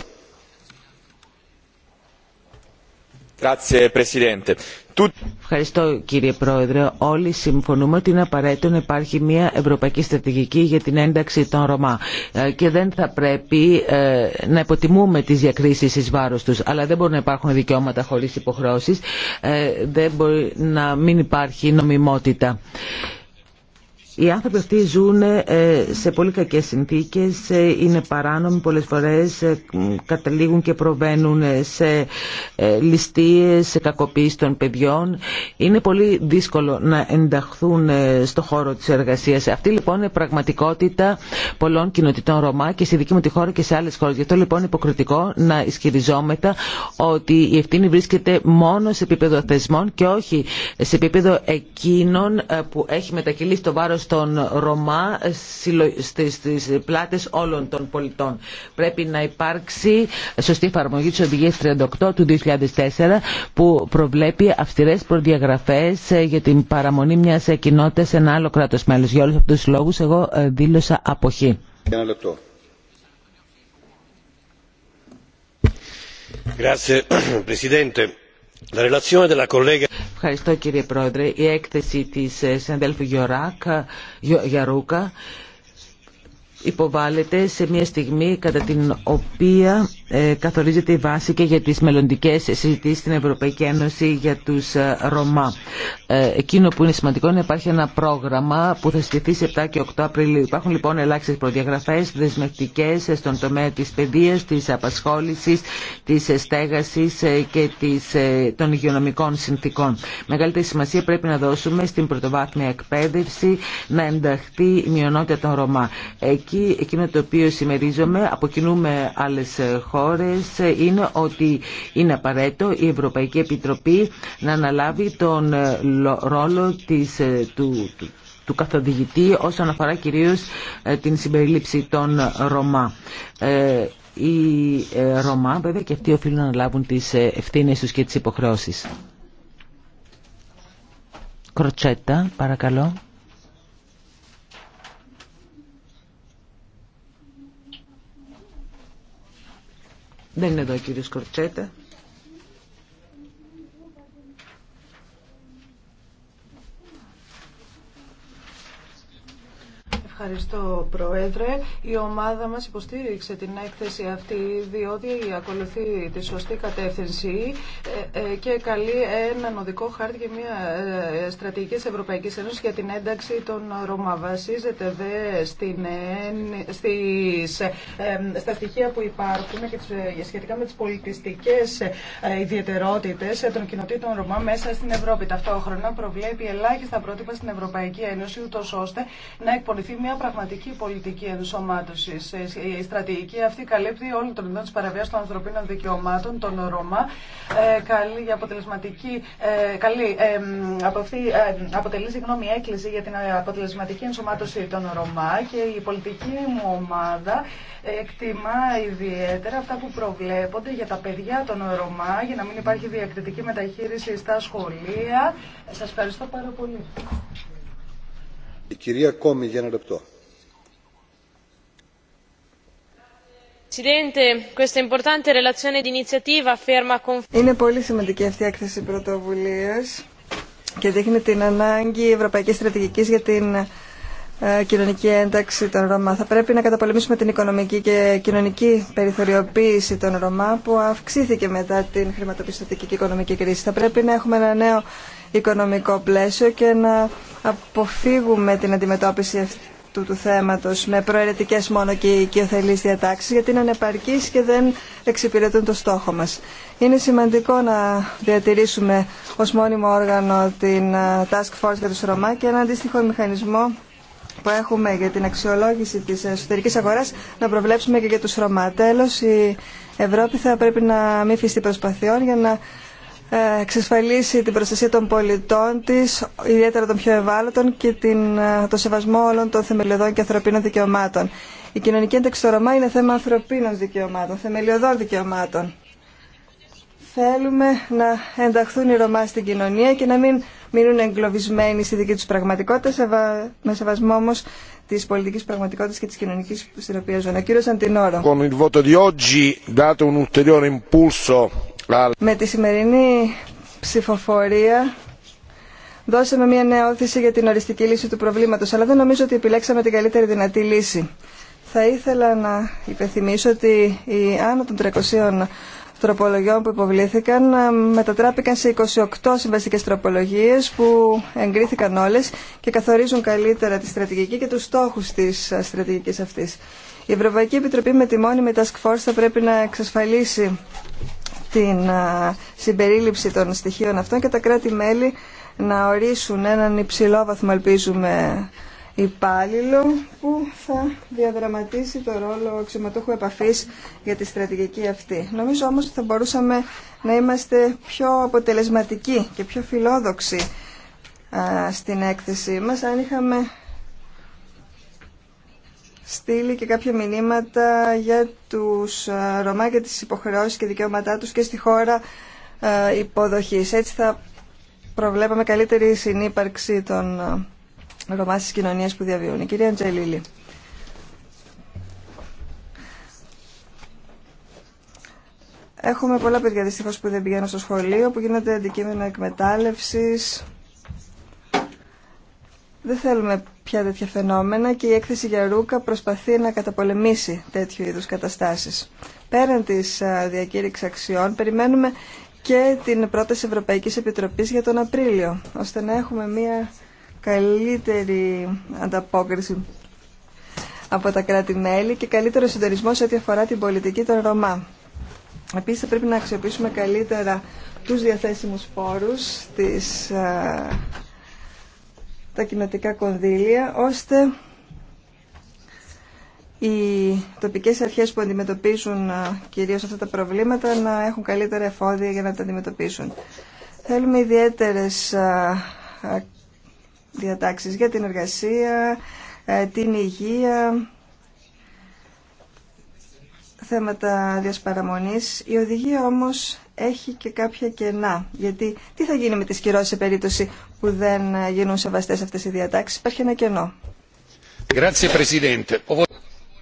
Ευχαριστώ κύριε Πρόεδρε. Όλοι συμφωνούμε ότι είναι απαραίτητο να υπάρχει μια ευρωπαϊκή στρατηγική για την ένταξη των Ρωμά ε, και δεν θα πρέπει ε, να υποτιμούμε τις διακρίσεις εις βάρος τους. Αλλά δεν μπορούν να υπάρχουν δικαιώματα χωρίς υποχρεώσεις, ε, δεν μπορεί να μην υπάρχει νομιμότητα. Οι άνθρωποι αυτοί ζουν ε, σε πολύ κακές συνθήκες, ε, είναι παράνομοι πολλές φορές, ε, καταλήγουν και προβαίνουν σε ληστείες, σε κακοποίηση των παιδιών. Είναι πολύ δύσκολο να ενταχθούν στο χώρο της εργασίας. Αυτή λοιπόν είναι πραγματικότητα πολλών κοινοτητών Ρωμά και στη δική μου τη χώρα και σε άλλες χώρες. Γι' αυτό λοιπόν είναι υποκριτικό να ισχυριζόμεθα ότι η ευθύνη βρίσκεται μόνο σε επίπεδο θεσμών και όχι σε επίπεδο εκείνων που έχει μετακυλήσει το βάρος στον Ρωμά στις πλάτες όλων των πολιτών. Πρέπει να υπάρξει σωστή εφαρμογή της Οδηγίας 38 του 2004 που προβλέπει αυστηρές προδιαγραφές ε, για την παραμονή μιας κοινότητα σε ένα άλλο κράτος μέλος. Για όλους αυτούς τους λόγους εγώ ε, δήλωσα αποχή. Ένα λεπτό. Grazie, Presidente. Ευχαριστώ κύριε Πρόεδρε. Η έκθεση της ε, συναδέλφου Γιωράκ, Γιαρούκα υποβάλλεται σε μια στιγμή κατά την οποία ε, καθορίζεται η βάση και για τις μελλοντικές συζητήσεις στην Ευρωπαϊκή Ένωση για τους ε, Ρωμά. Ε, εκείνο που είναι σημαντικό είναι να υπάρχει ένα πρόγραμμα που θα στηθεί σε 7 και 8 Απριλίου. Υπάρχουν λοιπόν ελάχιστες προδιαγραφές δεσμευτικέ στον τομέα της παιδείας, της απασχόλησης, της στέγασης και των υγειονομικών συνθήκων. Μεγαλύτερη σημασία πρέπει να δώσουμε στην πρωτοβάθμια εκπαίδευση να ενταχθεί η μειονότητα των Ρωμά εκεί εκείνο το οποίο συμμερίζομαι, αποκινούμε άλλες χώρες, είναι ότι είναι απαραίτητο η Ευρωπαϊκή Επιτροπή να αναλάβει τον ε, ρόλο της, ε, του, του, του καθοδηγητή όσον αφορά κυρίως ε, την συμπερίληψη των Ρωμά. Οι Ρωμά βέβαια και αυτοί οφείλουν να αναλάβουν τις ευθύνες τους και τις υποχρεώσεις. Κροτσέτα, παρακαλώ. Δεν είναι εδώ ο κύριος Κορτσέτα. Ευχαριστώ, Πρόεδρε. Η ομάδα μας υποστήριξε την έκθεση αυτή, διότι ακολουθεί τη σωστή κατεύθυνση ε, ε, και καλεί έναν οδικό χάρτη και μια ε, στρατηγική της Ευρωπαϊκής Ένωσης για την ένταξη των Ρωμά. Βασίζεται στην, στις, στα στοιχεία που υπάρχουν και σχετικά με τις πολιτιστικές ιδιαιτερότητες των κοινοτήτων Ρωμά μέσα στην Ευρώπη. Ταυτόχρονα προβλέπει ελάχιστα πρότυπα στην Ευρωπαϊκή Ένωση, ούτως ώστε να εκπονηθεί μια πραγματική πολιτική ενσωμάτωση. Ε, η στρατηγική αυτή καλύπτει όλο τον ειδών τη παραβία των ανθρωπίνων δικαιωμάτων, τον Ρωμά. Ε, καλή, αποτελεσματική, ε, καλή, αποτελεί συγγνώμη, έκκληση για την αποτελεσματική ενσωμάτωση των Ρωμά και η πολιτική μου ομάδα εκτιμά ιδιαίτερα αυτά που προβλέπονται για τα παιδιά των Ρωμά για να μην υπάρχει διακριτική μεταχείριση στα σχολεία. Σας ευχαριστώ πάρα πολύ. Είναι πολύ σημαντική αυτή η έκθεση πρωτοβουλία και δείχνει την ανάγκη ευρωπαϊκή στρατηγική για την ε, κοινωνική ένταξη των Ρωμά. Θα πρέπει να καταπολεμήσουμε την οικονομική και κοινωνική περιθωριοποίηση των Ρωμά που αυξήθηκε μετά την χρηματοπιστωτική και οικονομική κρίση. Θα πρέπει να έχουμε ένα νέο οικονομικό πλαίσιο και να αποφύγουμε την αντιμετώπιση αυτού του θέματος με προαιρετικές μόνο και οικειοθελείς διατάξεις γιατί είναι ανεπαρκείς και δεν εξυπηρετούν το στόχο μας. Είναι σημαντικό να διατηρήσουμε ως μόνιμο όργανο την Task Force για τους Ρωμά και ένα αντίστοιχο μηχανισμό που έχουμε για την αξιολόγηση της εσωτερικής αγοράς να προβλέψουμε και για τους Ρωμά. Τέλος, η Ευρώπη θα πρέπει να μην φυστεί προσπαθειών για να ε, εξασφαλίσει την προστασία των πολιτών της, ιδιαίτερα των πιο ευάλωτων και την, ε, το σεβασμό όλων των θεμελιωδών και ανθρωπίνων δικαιωμάτων. Η κοινωνική ένταξη στο Ρωμά είναι θέμα ανθρωπίνων δικαιωμάτων, θεμελιωδών δικαιωμάτων. Θέλουμε να ενταχθούν οι Ρωμά στην κοινωνία και να μην μείνουν εγκλωβισμένοι στη δική τους πραγματικότητα, με σεβασμό όμω της πολιτικής πραγματικότητας και της κοινωνική στην οποία ζουν. Ο κύριος Αντινόρο. Με τη σημερινή ψηφοφορία δώσαμε μια νέα όθηση για την οριστική λύση του προβλήματος, αλλά δεν νομίζω ότι επιλέξαμε την καλύτερη δυνατή λύση. Θα ήθελα να υπενθυμίσω ότι οι άνω των 300 τροπολογιών που υποβλήθηκαν ε, μετατράπηκαν σε 28 συμβαστικές τροπολογίες που εγκρίθηκαν όλες και καθορίζουν καλύτερα τη στρατηγική και τους στόχους της ε, στρατηγικής αυτής. Η Ευρωπαϊκή Επιτροπή με τη μόνιμη Task Force θα πρέπει να εξασφαλίσει την συμπερίληψη των στοιχείων αυτών και τα κράτη-μέλη να ορίσουν έναν υψηλό βαθμό, ελπίζουμε, υπάλληλο που θα διαδραματίσει το ρόλο αξιωματούχου επαφής για τη στρατηγική αυτή. Νομίζω όμως ότι θα μπορούσαμε να είμαστε πιο αποτελεσματικοί και πιο φιλόδοξοι στην έκθεσή μας αν είχαμε στείλει και κάποια μηνύματα για τους ε, Ρωμά και τις υποχρεώσεις και δικαιώματά τους και στη χώρα ε, υποδοχής. Έτσι θα προβλέπαμε καλύτερη συνύπαρξη των ε, Ρωμά στις κοινωνίες που διαβιώνει. κυρία Αντζελίλη. Έχουμε πολλά παιδιά δυστυχώ που δεν πηγαίνουν στο σχολείο, που γίνονται αντικείμενο εκμετάλλευση. Δεν θέλουμε πια τέτοια φαινόμενα και η έκθεση για Ρούκα προσπαθεί να καταπολεμήσει τέτοιου είδους καταστάσεις. Πέραν της διακήρυξης αξιών, περιμένουμε και την πρόταση Ευρωπαϊκή Επιτροπής για τον Απρίλιο, ώστε να έχουμε μια καλύτερη ανταπόκριση από τα κράτη-μέλη και καλύτερο συντονισμό σε ό,τι αφορά την πολιτική των Ρωμά. Επίσης θα πρέπει να αξιοποιήσουμε καλύτερα τους διαθέσιμους πόρους της τα κοινοτικά κονδύλια, ώστε οι τοπικές αρχές που αντιμετωπίζουν κυρίως αυτά τα προβλήματα να έχουν καλύτερα εφόδια για να τα αντιμετωπίσουν. Θέλουμε ιδιαίτερες διατάξεις για την εργασία, ε, την υγεία, θέματα διασπαραμονής. Η οδηγία όμως έχει και κάποια κενά. Γιατί τι θα γίνει με τις κυρώσεις σε περίπτωση που δεν γίνουν σεβαστές αυτές οι διατάξεις. Υπάρχει ένα κενό.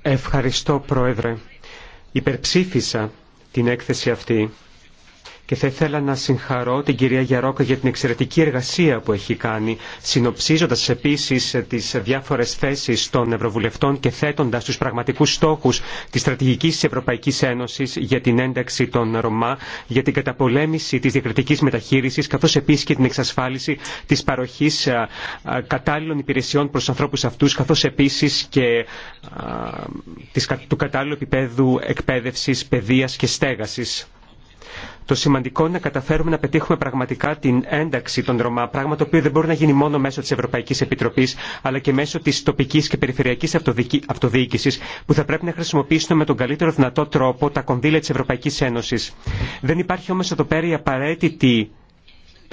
Ευχαριστώ Πρόεδρε. Υπερψήφισα την έκθεση αυτή και θα ήθελα να συγχαρώ την κυρία Γιαρόκα για την εξαιρετική εργασία που έχει κάνει, συνοψίζοντα επίσης ε, τις διάφορες θέσει των Ευρωβουλευτών και θέτοντα του πραγματικού στόχου τη στρατηγική τη Ευρωπαϊκής Ένωσης για την ένταξη των Ρωμά, για την καταπολέμηση τη διακριτική μεταχείρισης, καθώ επίση και την εξασφάλιση τη παροχή ε, ε, κατάλληλων υπηρεσιών προς ανθρώπου αυτού, καθώ επίση και του κατάλληλου επίπεδου εκπαίδευση, παιδεία και στέγαση. Το σημαντικό είναι να καταφέρουμε να πετύχουμε πραγματικά την ένταξη των Ρωμά, πράγμα το οποίο δεν μπορεί να γίνει μόνο μέσω τη Ευρωπαϊκή Επιτροπή, αλλά και μέσω τη τοπική και περιφερειακή αυτοδιοίκηση, που θα πρέπει να χρησιμοποιήσουμε με τον καλύτερο δυνατό τρόπο τα κονδύλια τη Ευρωπαϊκή Ένωση. Δεν υπάρχει όμω εδώ πέρα η απαραίτητη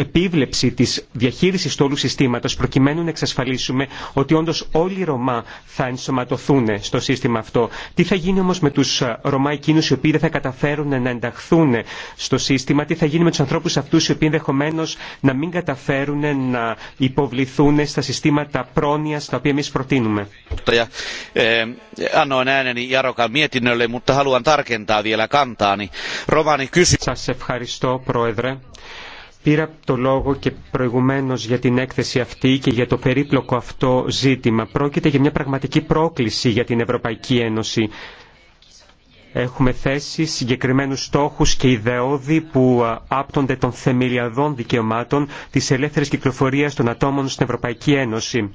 επίβλεψη της διαχείρισης του όλου συστήματος προκειμένου να εξασφαλίσουμε ότι όντω όλοι οι Ρωμά θα ενσωματωθούν στο σύστημα αυτό. Τι θα γίνει όμως με τους ε, Ρωμά εκείνου οι οποίοι δεν θα καταφέρουν να ενταχθούν στο σύστημα, τι θα γίνει με τους ανθρώπους αυτούς οι οποίοι ενδεχομένω να μην καταφέρουν να υποβληθούν στα συστήματα πρόνοια τα οποία εμεί προτείνουμε. Ε, Σας ευχαριστώ Πρόεδρε. Πήρα το λόγο και προηγουμένως για την έκθεση αυτή και για το περίπλοκο αυτό ζήτημα. Πρόκειται για μια πραγματική πρόκληση για την Ευρωπαϊκή Ένωση. Έχουμε θέσει συγκεκριμένους στόχους και ιδεώδη που άπτονται των θεμελιωδών δικαιωμάτων της ελεύθερης κυκλοφορίας των ατόμων στην Ευρωπαϊκή Ένωση.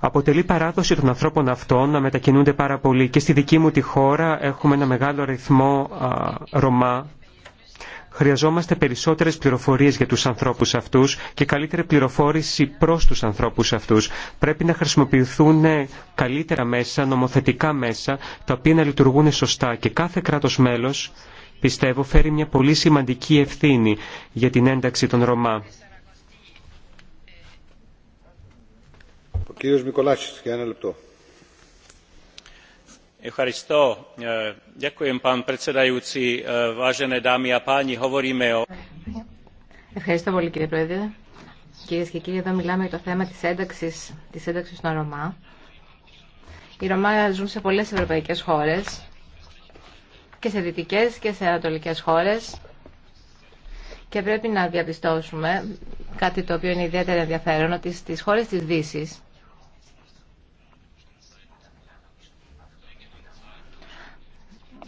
Αποτελεί παράδοση των ανθρώπων αυτών να μετακινούνται πάρα πολύ. Και στη δική μου τη χώρα έχουμε ένα μεγάλο αριθμό Ρωμά Χρειαζόμαστε περισσότερες πληροφορίες για τους ανθρώπους αυτούς και καλύτερη πληροφόρηση προς τους ανθρώπους αυτούς. Πρέπει να χρησιμοποιηθούν καλύτερα μέσα, νομοθετικά μέσα, τα οποία να λειτουργούν σωστά και κάθε κράτος μέλος πιστεύω φέρει μια πολύ σημαντική ευθύνη για την ένταξη των Ρωμά. Ο κύριος Μικολάσης, για ένα λεπτό. Ευχαριστώ πολύ κύριε Πρόεδρε. Κυρίε και κύριοι, εδώ μιλάμε για το θέμα τη ένταξη της ένταξης των Ρωμά. Οι Ρωμά ζουν σε πολλές ευρωπαϊκές χώρες, και σε δυτικέ και σε ανατολικέ χώρες και πρέπει να διαπιστώσουμε κάτι το οποίο είναι ιδιαίτερα ενδιαφέρον ότι στι χώρες τη Δύση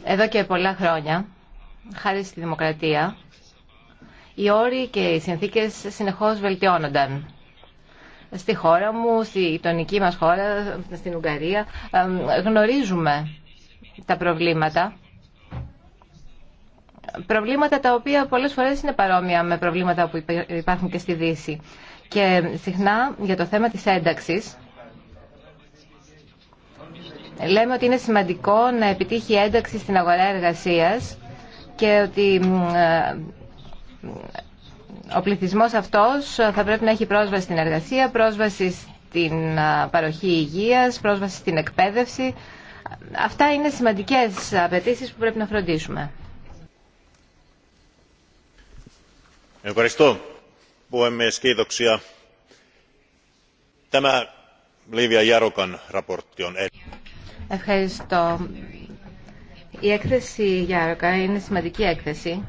Εδώ και πολλά χρόνια, χάρη στη δημοκρατία, οι όροι και οι συνθήκες συνεχώς βελτιώνονταν. Στη χώρα μου, στη γειτονική μας χώρα, στην Ουγγαρία, γνωρίζουμε τα προβλήματα. Προβλήματα τα οποία πολλές φορές είναι παρόμοια με προβλήματα που υπάρχουν και στη Δύση. Και συχνά για το θέμα της ένταξης, Λέμε ότι είναι σημαντικό να επιτύχει ένταξη στην αγορά εργασίας και ότι ε, ο πληθυσμός αυτός θα πρέπει να έχει πρόσβαση στην εργασία, πρόσβαση στην ε, παροχή υγείας, πρόσβαση στην εκπαίδευση. Αυτά είναι σημαντικές απαιτήσει που πρέπει να φροντίσουμε. Ευχαριστώ. Tämä Livia Jarokan Ευχαριστώ. Η έκθεση Γιάροκα είναι σημαντική έκθεση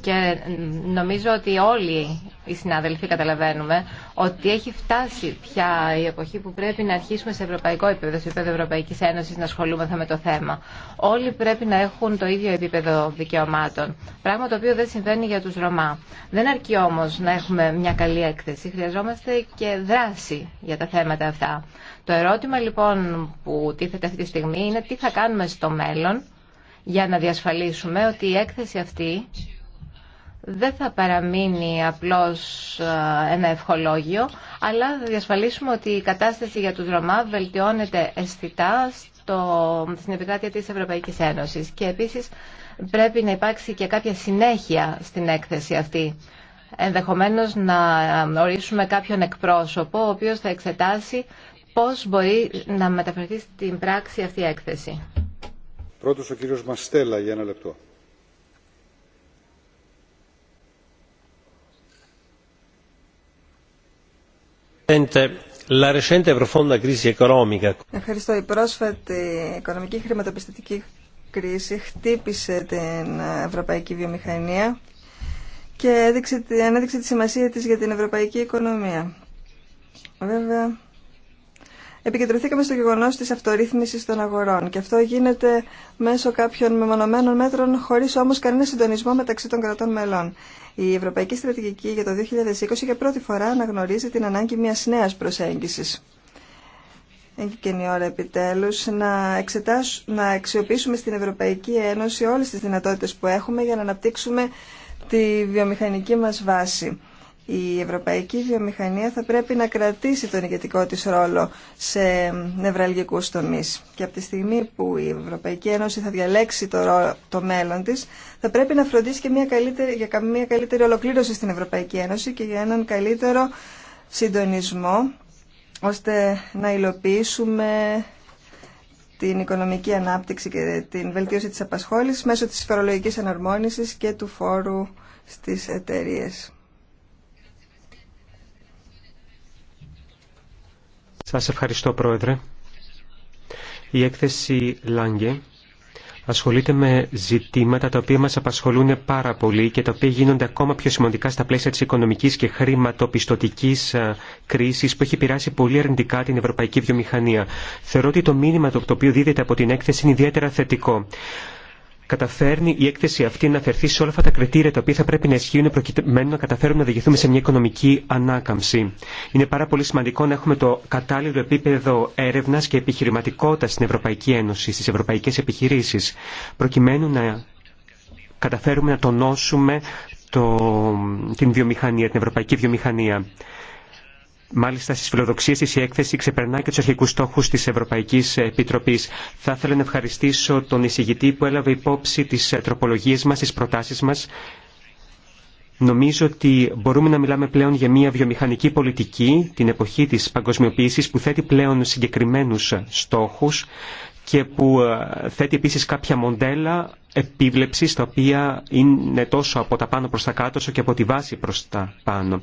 και νομίζω ότι όλοι οι συνάδελφοι καταλαβαίνουμε ότι έχει φτάσει πια η εποχή που πρέπει να αρχίσουμε σε ευρωπαϊκό επίπεδο, σε επίπεδο Ευρωπαϊκή Ένωση, να ασχολούμαστε με το θέμα. Όλοι πρέπει να έχουν το ίδιο επίπεδο δικαιωμάτων, πράγμα το οποίο δεν συμβαίνει για του Ρωμά. Δεν αρκεί όμως να έχουμε μια καλή έκθεση, χρειαζόμαστε και δράση για τα θέματα αυτά. Το ερώτημα λοιπόν που τίθεται αυτή τη στιγμή είναι τι θα κάνουμε στο μέλλον για να διασφαλίσουμε ότι η έκθεση αυτή δεν θα παραμείνει απλώς ε, ένα ευχολόγιο, αλλά θα διασφαλίσουμε ότι η κατάσταση για τους Ρωμά βελτιώνεται αισθητά στο, στην επικράτεια της Ευρωπαϊκής Ένωσης. Και επίσης πρέπει να υπάρξει και κάποια συνέχεια στην έκθεση αυτή. Ενδεχομένως να ορίσουμε κάποιον εκπρόσωπο, ο οποίος θα εξετάσει πώς μπορεί να μεταφερθεί στην πράξη αυτή η έκθεση. Πρώτος ο κύριος Μαστέλα για ένα λεπτό. E Ευχαριστώ. Η πρόσφατη οικονομική χρηματοπιστωτική κρίση χτύπησε την ευρωπαϊκή βιομηχανία και ανέδειξε τη σημασία της για την ευρωπαϊκή οικονομία. Βέβαια, επικεντρωθήκαμε στο γεγονό τη αυτορύθμιση των αγορών και αυτό γίνεται μέσω κάποιων μεμονωμένων μέτρων χωρίς όμως κανένα συντονισμό μεταξύ των κρατών μελών. Η Ευρωπαϊκή Στρατηγική για το 2020 για πρώτη φορά αναγνωρίζει την ανάγκη μιας νέα προσέγγισης. Έχει και η ώρα επιτέλους να, να αξιοποιήσουμε στην Ευρωπαϊκή Ένωση όλε τι δυνατότητε που έχουμε για να αναπτύξουμε τη βιομηχανική μας βάση η ευρωπαϊκή βιομηχανία θα πρέπει να κρατήσει τον ηγετικό της ρόλο σε νευραλγικούς τομείς. Και από τη στιγμή που η Ευρωπαϊκή Ένωση θα διαλέξει το, ρόλο, το μέλλον της, θα πρέπει να φροντίσει και μια για μια καλύτερη ολοκλήρωση στην Ευρωπαϊκή Ένωση και για έναν καλύτερο συντονισμό, ώστε να υλοποιήσουμε την οικονομική ανάπτυξη και την βελτίωση της απασχόλησης μέσω της φορολογικής αναρμόνισης και του φόρου στις εταιρείες. Σας ευχαριστώ Πρόεδρε. Η έκθεση Λάγκε ασχολείται με ζητήματα τα οποία μας απασχολούν πάρα πολύ και τα οποία γίνονται ακόμα πιο σημαντικά στα πλαίσια της οικονομικής και χρηματοπιστωτικής ε, κρίσης που έχει πειράσει πολύ αρνητικά την ευρωπαϊκή βιομηχανία. Θεωρώ ότι το μήνυμα το οποίο δίδεται από την έκθεση είναι ιδιαίτερα θετικό καταφέρνει η έκθεση αυτή να αφαιρθεί σε όλα αυτά τα κριτήρια τα οποία θα πρέπει να ισχύουν προκειμένου να καταφέρουμε να διηγηθούμε σε μια οικονομική ανάκαμψη. Είναι πάρα πολύ σημαντικό να έχουμε το κατάλληλο επίπεδο έρευνα και επιχειρηματικότητα στην Ευρωπαϊκή Ένωση, στι ευρωπαϊκέ επιχειρήσει, προκειμένου να καταφέρουμε να τονώσουμε το, την βιομηχανία, την ευρωπαϊκή βιομηχανία. Μάλιστα στι φιλοδοξίε τη η έκθεση ξεπερνά και του αρχικού στόχου τη Ευρωπαϊκή Επιτροπή. Θα ήθελα να ευχαριστήσω τον εισηγητή που έλαβε υπόψη τι τροπολογίε μα, τι προτάσει μα. Νομίζω ότι μπορούμε να μιλάμε πλέον για μια βιομηχανική πολιτική την εποχή της παγκοσμιοποίησης που θέτει πλέον συγκεκριμένους στόχους και που ε, θέτει επίση κάποια μοντέλα επίβλεψης τα οποία είναι τόσο από τα πάνω προς τα κάτω όσο και από τη βάση προς τα πάνω.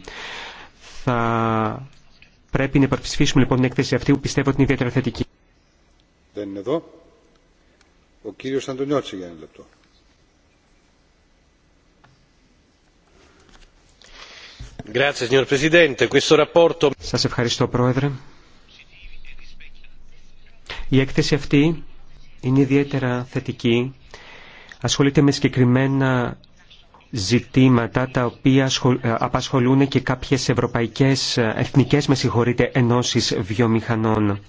Θα πρέπει να υπερψηφίσουμε λοιπόν την έκθεση αυτή που πιστεύω ότι είναι ιδιαίτερα θετική. Δεν εδώ. Ο κύριος Σας ευχαριστώ Πρόεδρε. Η έκθεση αυτή είναι ιδιαίτερα θετική. Ασχολείται με συγκεκριμένα ζητήματα τα οποία ε, απασχολούν και κάποιες ευρωπαϊκές, ε, εθνικές με ενώσεις βιομηχανών.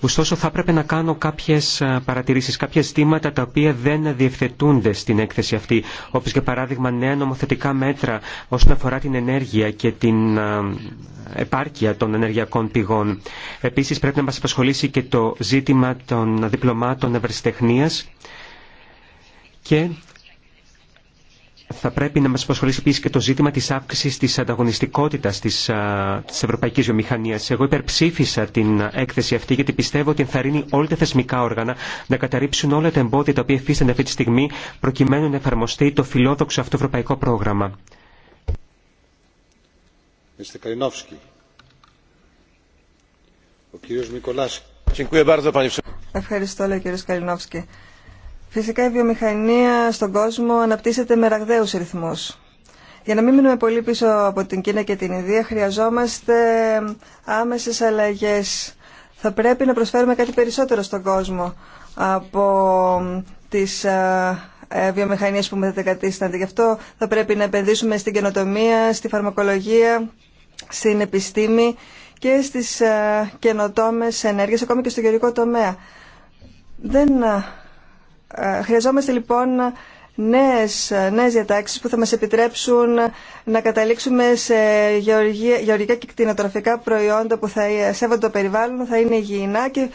Ωστόσο θα έπρεπε να κάνω κάποιες ε, παρατηρήσεις, κάποια ζητήματα τα οποία δεν διευθετούνται στην έκθεση αυτή, όπως για παράδειγμα νέα νομοθετικά μέτρα όσον αφορά την ενέργεια και την επάρκεια των ενεργειακών πηγών. Επίση, πρέπει να μα απασχολήσει και το ζήτημα των διπλωμάτων ευρεσιτεχνία και θα πρέπει να μας απασχολήσει επίση και το ζήτημα της αύξησης της ανταγωνιστικότητας της, της ευρωπαϊκής βιομηχανίας. Εγώ υπερψήφισα την έκθεση αυτή γιατί πιστεύω ότι ενθαρρύνει όλα τα θεσμικά όργανα να καταρρύψουν όλα τα εμπόδια τα οποία εφίστανται αυτή τη στιγμή προκειμένου να εφαρμοστεί το φιλόδοξο αυτό ευρωπαϊκό πρόγραμμα. Ευχαριστώ, λέει ο κύριος Καλινόφσκι. Φυσικά η βιομηχανία στον κόσμο αναπτύσσεται με ραγδαίου ρυθμούς. Για να μην μείνουμε πολύ πίσω από την Κίνα και την Ινδία, χρειαζόμαστε άμεσες αλλαγές. Θα πρέπει να προσφέρουμε κάτι περισσότερο στον κόσμο από τις ε, βιομηχανίες που μετακατίστανται. Γι' αυτό θα πρέπει να επενδύσουμε στην καινοτομία, στη φαρμακολογία, στην επιστήμη και στι καινοτόμε ενέργειες, ακόμη και στο γεωργικό τομέα. Δεν ε, χρειαζόμαστε λοιπόν νέες, νέες διατάξεις που θα μας επιτρέψουν να καταλήξουμε σε γεωργικά και κτηνοτροφικά προϊόντα που θα σέβονται το περιβάλλον, θα είναι υγιεινά και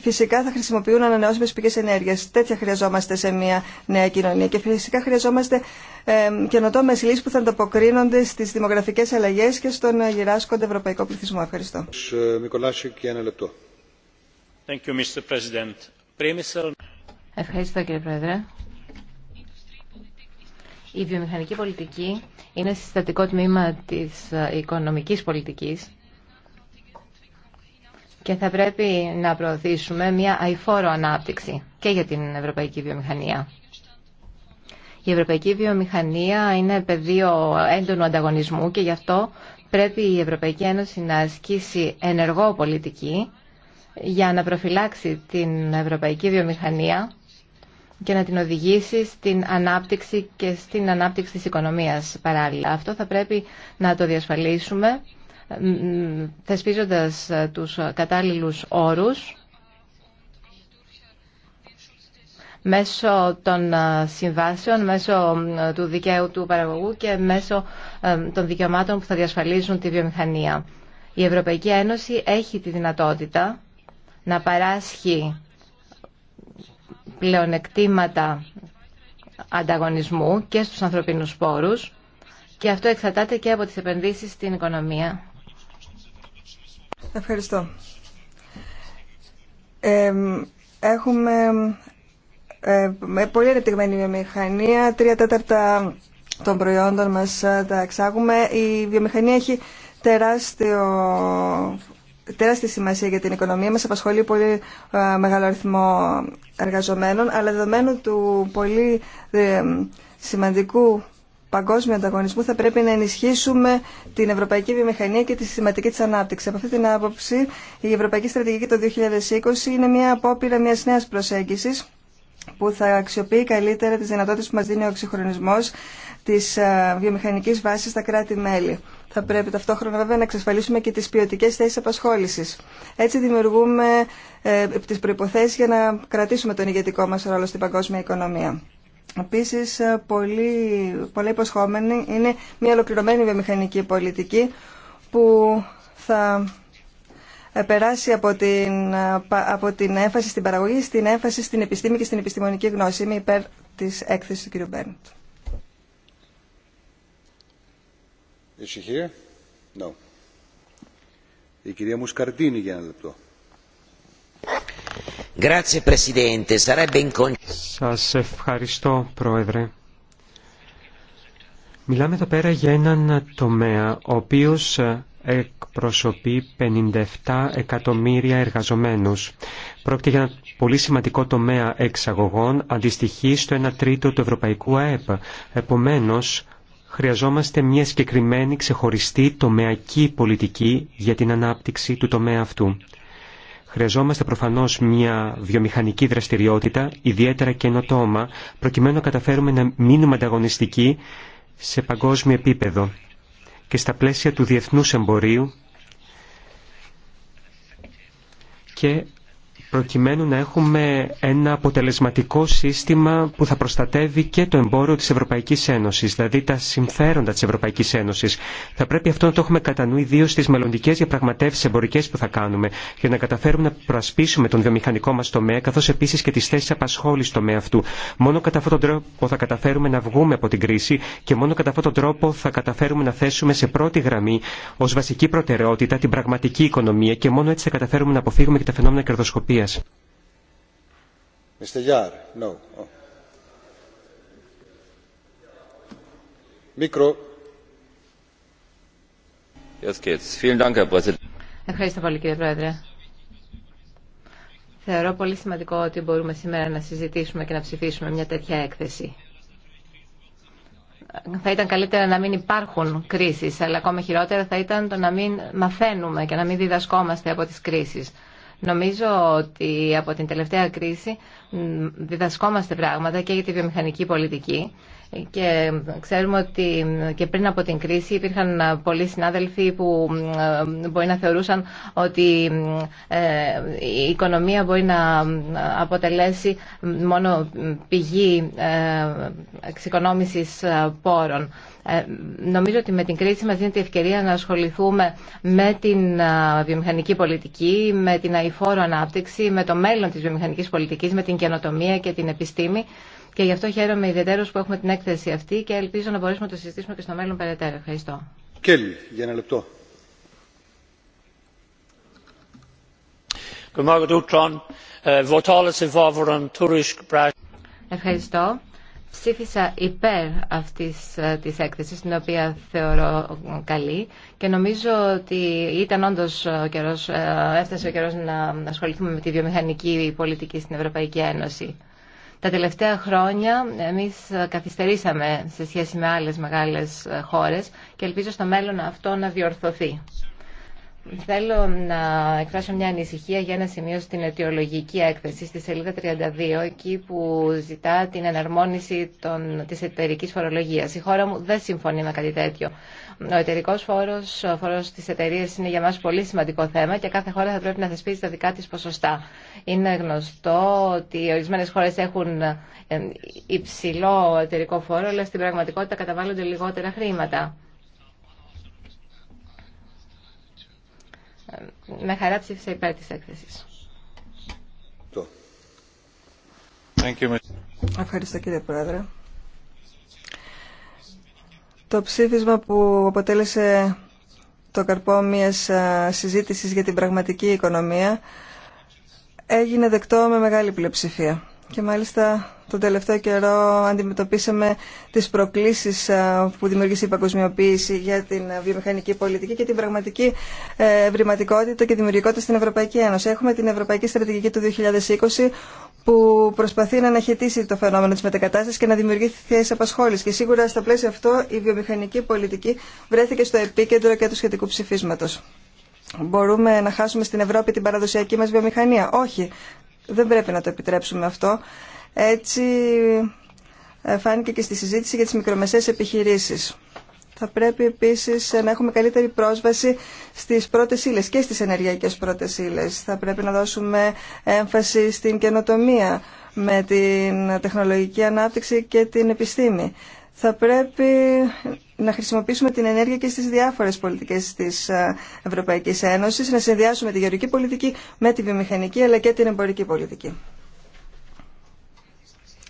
φυσικά θα χρησιμοποιούν ανανεώσιμες πηγές ενέργειας. Τέτοια χρειαζόμαστε σε μια νέα κοινωνία και φυσικά χρειαζόμαστε ε, καινοτόμες λύσεις που θα ανταποκρίνονται στις δημογραφικές αλλαγές και στον γυράσκοντα ευρωπαϊκό πληθυσμό. Ευχαριστώ. Thank you, Mr. Ευχαριστώ κύριε Πρόεδρε. Η βιομηχανική πολιτική είναι συστατικό τμήμα της ε, οικονομικής πολιτικής και θα πρέπει να προωθήσουμε μια αηφόρο ανάπτυξη και για την ευρωπαϊκή βιομηχανία. Η ευρωπαϊκή βιομηχανία είναι πεδίο έντονου ανταγωνισμού και γι' αυτό πρέπει η Ευρωπαϊκή Ένωση να ασκήσει ενεργό πολιτική για να προφυλάξει την ευρωπαϊκή βιομηχανία και να την οδηγήσει στην ανάπτυξη και στην ανάπτυξη της οικονομίας παράλληλα. Αυτό θα πρέπει να το διασφαλίσουμε θεσπίζοντας τους κατάλληλους όρους μέσω των συμβάσεων, μέσω του δικαίου του παραγωγού και μέσω ε, των δικαιωμάτων που θα διασφαλίζουν τη βιομηχανία. Η Ευρωπαϊκή Ένωση έχει τη δυνατότητα να παράσχει πλεονεκτήματα ανταγωνισμού και στους ανθρωπίνους πόρους και αυτό εξαρτάται και από τις επενδύσεις στην οικονομία. Ευχαριστώ. έχουμε με ε, πολύ ανεπτυγμένη βιομηχανία, τρία τέταρτα των προϊόντων μας ε, τα εξάγουμε. Η βιομηχανία έχει τεράστιο τεράστια σημασία για την οικονομία μας, απασχολεί πολύ ε, μεγάλο αριθμό εργαζομένων, αλλά δεδομένου του πολύ ε, σημαντικού παγκόσμιου ανταγωνισμού θα πρέπει να ενισχύσουμε την ευρωπαϊκή βιομηχανία και τη συστηματική της ανάπτυξη. Από αυτή την άποψη η Ευρωπαϊκή Στρατηγική το 2020 είναι μια απόπειρα μιας νέας προσέγγισης που θα αξιοποιεί καλύτερα τις δυνατότητες που μας δίνει ο εξυγχρονισμός της ε, βιομηχανικής βάσης στα κράτη-μέλη θα πρέπει ταυτόχρονα βέβαια να εξασφαλίσουμε και τις ποιοτικέ θέσεις απασχόλησης. Έτσι δημιουργούμε ε, τις προϋποθέσεις για να κρατήσουμε τον ηγετικό μας ρόλο στην παγκόσμια οικονομία. Επίση, ε, πολύ, πολύ υποσχόμενη είναι μια ολοκληρωμένη βιομηχανική πολιτική που θα ε, περάσει από την, ε, από την έμφαση στην παραγωγή στην έμφαση στην επιστήμη και στην επιστημονική γνώση. Είμαι υπέρ της έκθεσης του κ. Μπέρντ. Σας ευχαριστώ, Πρόεδρε. Μιλάμε εδώ πέρα για έναν τομέα ο οποίος ε, εκπροσωπεί 57 εκατομμύρια εργαζομένους. Πρόκειται για ένα πολύ σημαντικό τομέα εξαγωγών, αντιστοιχεί στο 1 τρίτο του ευρωπαϊκού ΑΕΠ. Επομένως, χρειαζόμαστε μια συγκεκριμένη ξεχωριστή τομεακή πολιτική για την ανάπτυξη του τομέα αυτού. Χρειαζόμαστε προφανώς μια βιομηχανική δραστηριότητα, ιδιαίτερα καινοτόμα, προκειμένου να καταφέρουμε να μείνουμε ανταγωνιστικοί σε παγκόσμιο επίπεδο και στα πλαίσια του διεθνούς εμπορίου και προκειμένου να έχουμε ένα αποτελεσματικό σύστημα που θα προστατεύει και το εμπόριο της Ευρωπαϊκής Ένωσης, δηλαδή τα συμφέροντα της Ευρωπαϊκής Ένωσης. Θα πρέπει αυτό να το έχουμε κατά νου ιδίως στις μελλοντικές διαπραγματεύσεις εμπορικές που θα κάνουμε, για να καταφέρουμε να προασπίσουμε τον βιομηχανικό μας τομέα, καθώς επίσης και τις θέσεις απασχόλησης τομέα αυτού. Μόνο κατά αυτόν τον τρόπο θα καταφέρουμε να βγούμε από την κρίση και μόνο κατά αυτόν τον τρόπο θα καταφέρουμε να θέσουμε σε πρώτη γραμμή ως βασική προτεραιότητα την πραγματική οικονομία και μόνο έτσι θα καταφέρουμε να αποφύγουμε και τα φαινόμενα κερδοσκοπία Oh. Ευχαριστώ πολύ κύριε Πρόεδρε. Θεωρώ πολύ σημαντικό ότι μπορούμε σήμερα να συζητήσουμε και να ψηφίσουμε μια τέτοια έκθεση. Θα ήταν καλύτερα να μην υπάρχουν κρίσεις, αλλά ακόμα χειρότερα θα ήταν το να μην μαθαίνουμε και να μην διδασκόμαστε από τις κρίσεις. Νομίζω ότι από την τελευταία κρίση διδασκόμαστε πράγματα και για τη βιομηχανική πολιτική και ξέρουμε ότι και πριν από την κρίση υπήρχαν πολλοί συνάδελφοι που ε, μπορεί να θεωρούσαν ότι ε, η οικονομία μπορεί να αποτελέσει μόνο πηγή ε, εξοικονόμησης πόρων. Νομίζω ότι με την κρίση μας δίνεται η ευκαιρία να ασχοληθούμε με την βιομηχανική πολιτική, με την αηφόρο ανάπτυξη, με το μέλλον της βιομηχανικής πολιτικής, με την καινοτομία και την επιστήμη και γι' αυτό χαίρομαι ιδιαίτερω που έχουμε την έκθεση αυτή και ελπίζω να μπορέσουμε να το συζητήσουμε και στο μέλλον περαιτέρω. Ευχαριστώ. Κέλλη, για ένα λεπτό. Ευχαριστώ. Ψήφισα υπέρ αυτής ε, της έκθεσης, την οποία θεωρώ ε, καλή και νομίζω ότι ήταν ο καιρός, ε, έφτασε ο καιρός να ασχοληθούμε με τη βιομηχανική πολιτική στην Ευρωπαϊκή Ένωση. Τα τελευταία χρόνια εμείς καθυστερήσαμε σε σχέση με άλλες μεγάλες χώρες και ελπίζω στο μέλλον αυτό να διορθωθεί. Θέλω να εκφράσω μια ανησυχία για ένα σημείο στην αιτιολογική έκθεση στη σελίδα 32, εκεί που ζητά την εναρμόνιση των, της εταιρικής φορολογίας. Η χώρα μου δεν συμφωνεί με κάτι τέτοιο. Ο εταιρικό φόρο, ο φόρο τη εταιρεία είναι για μα πολύ σημαντικό θέμα και κάθε χώρα θα πρέπει να θεσπίζει τα δικά τη ποσοστά. Είναι γνωστό ότι ορισμένε χώρε έχουν υψηλό εταιρικό φόρο, αλλά στην πραγματικότητα καταβάλλονται λιγότερα χρήματα. με χαρά ψήφισα υπέρ της έκθεσης. Ευχαριστώ κύριε Πρόεδρε. Το ψήφισμα που αποτέλεσε το καρπό μιας συζήτησης για την πραγματική οικονομία έγινε δεκτό με μεγάλη πλειοψηφία. Και μάλιστα τον τελευταίο καιρό αντιμετωπίσαμε τις προκλήσεις ε, που δημιούργησε η παγκοσμιοποίηση για την βιομηχανική πολιτική και την πραγματική ε, ευρηματικότητα και δημιουργικότητα στην Ευρωπαϊκή Ένωση. Έχουμε την Ευρωπαϊκή Στρατηγική του 2020 που προσπαθεί να αναχαιτήσει το φαινόμενο της μετακατάστασης και να δημιουργήσει θέσεις απασχόλησης. Και σίγουρα στο πλαίσιο αυτό η βιομηχανική πολιτική βρέθηκε στο επίκεντρο και του σχετικού ψηφίσματος. Μπορούμε να χάσουμε στην Ευρώπη την παραδοσιακή μας βιομηχανία. Όχι, δεν πρέπει να το επιτρέψουμε αυτό. Έτσι ε, φάνηκε και στη συζήτηση για τις μικρομεσαίες επιχειρήσεις. Θα πρέπει επίσης ε, να έχουμε καλύτερη πρόσβαση στις πρώτες ύλε και στις ενεργειακές πρώτες ύλε. Θα πρέπει να δώσουμε έμφαση στην καινοτομία με την τεχνολογική ανάπτυξη και την επιστήμη. Θα πρέπει να χρησιμοποιήσουμε την ενέργεια και στις διάφορες πολιτικές της ε, Ευρωπαϊκής Ένωσης, να συνδυάσουμε τη γεωρική πολιτική με τη βιομηχανική αλλά και την εμπορική πολιτική.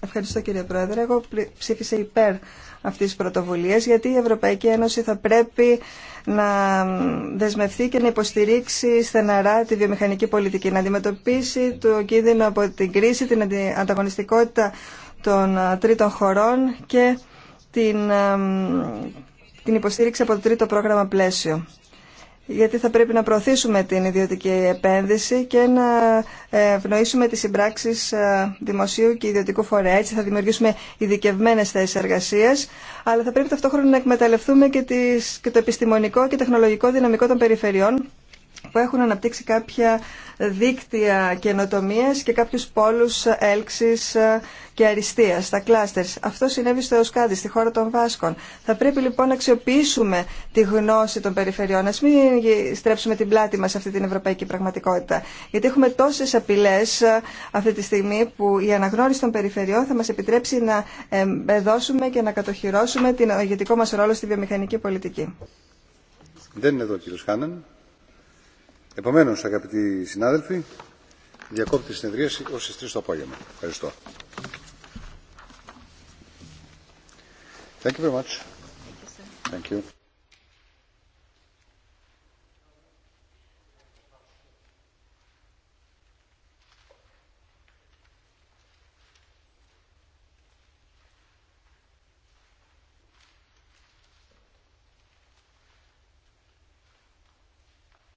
Ευχαριστώ κύριε Πρόεδρε. Εγώ ψήφισα υπέρ αυτής της πρωτοβουλίας γιατί η Ευρωπαϊκή Ένωση θα πρέπει να δεσμευτεί και να υποστηρίξει στεναρά τη βιομηχανική πολιτική, να αντιμετωπίσει το κίνδυνο από την κρίση, την ανταγωνιστικότητα των ε, τρίτων χωρών και την, ε, την υποστήριξη από το τρίτο πρόγραμμα πλαίσιο γιατί θα πρέπει να προωθήσουμε την ιδιωτική επένδυση και να ε, ευνοήσουμε τις συμπράξεις ε, δημοσίου και ιδιωτικού φορέα. Έτσι θα δημιουργήσουμε ειδικευμένε θέσει εργασίας, αλλά θα πρέπει ταυτόχρονα να εκμεταλλευτούμε και, το επιστημονικό και τεχνολογικό δυναμικό των περιφερειών που έχουν αναπτύξει κάποια δίκτυα καινοτομία και κάποιου πόλου έλξη και αριστεία, τα κλάστερ. Αυτό συνέβη στο Εοσκάδη, στη χώρα των Βάσκων. Θα πρέπει λοιπόν να αξιοποιήσουμε τη γνώση των περιφερειών. α μην στρέψουμε την πλάτη μα σε αυτή την ευρωπαϊκή πραγματικότητα. Γιατί έχουμε τόσε απειλέ ε, αυτή τη στιγμή που η αναγνώριση των περιφερειών θα μα επιτρέψει να ε, δώσουμε και να κατοχυρώσουμε την ηγετικό μα ρόλο στη βιομηχανική πολιτική. Δεν είναι εδώ ο Επομένως, αγαπητοί συνάδελφοι, διακόπτη συνεδρίαση ω στις 3 το απόγευμα. Ευχαριστώ. Thank you very much. Thank you.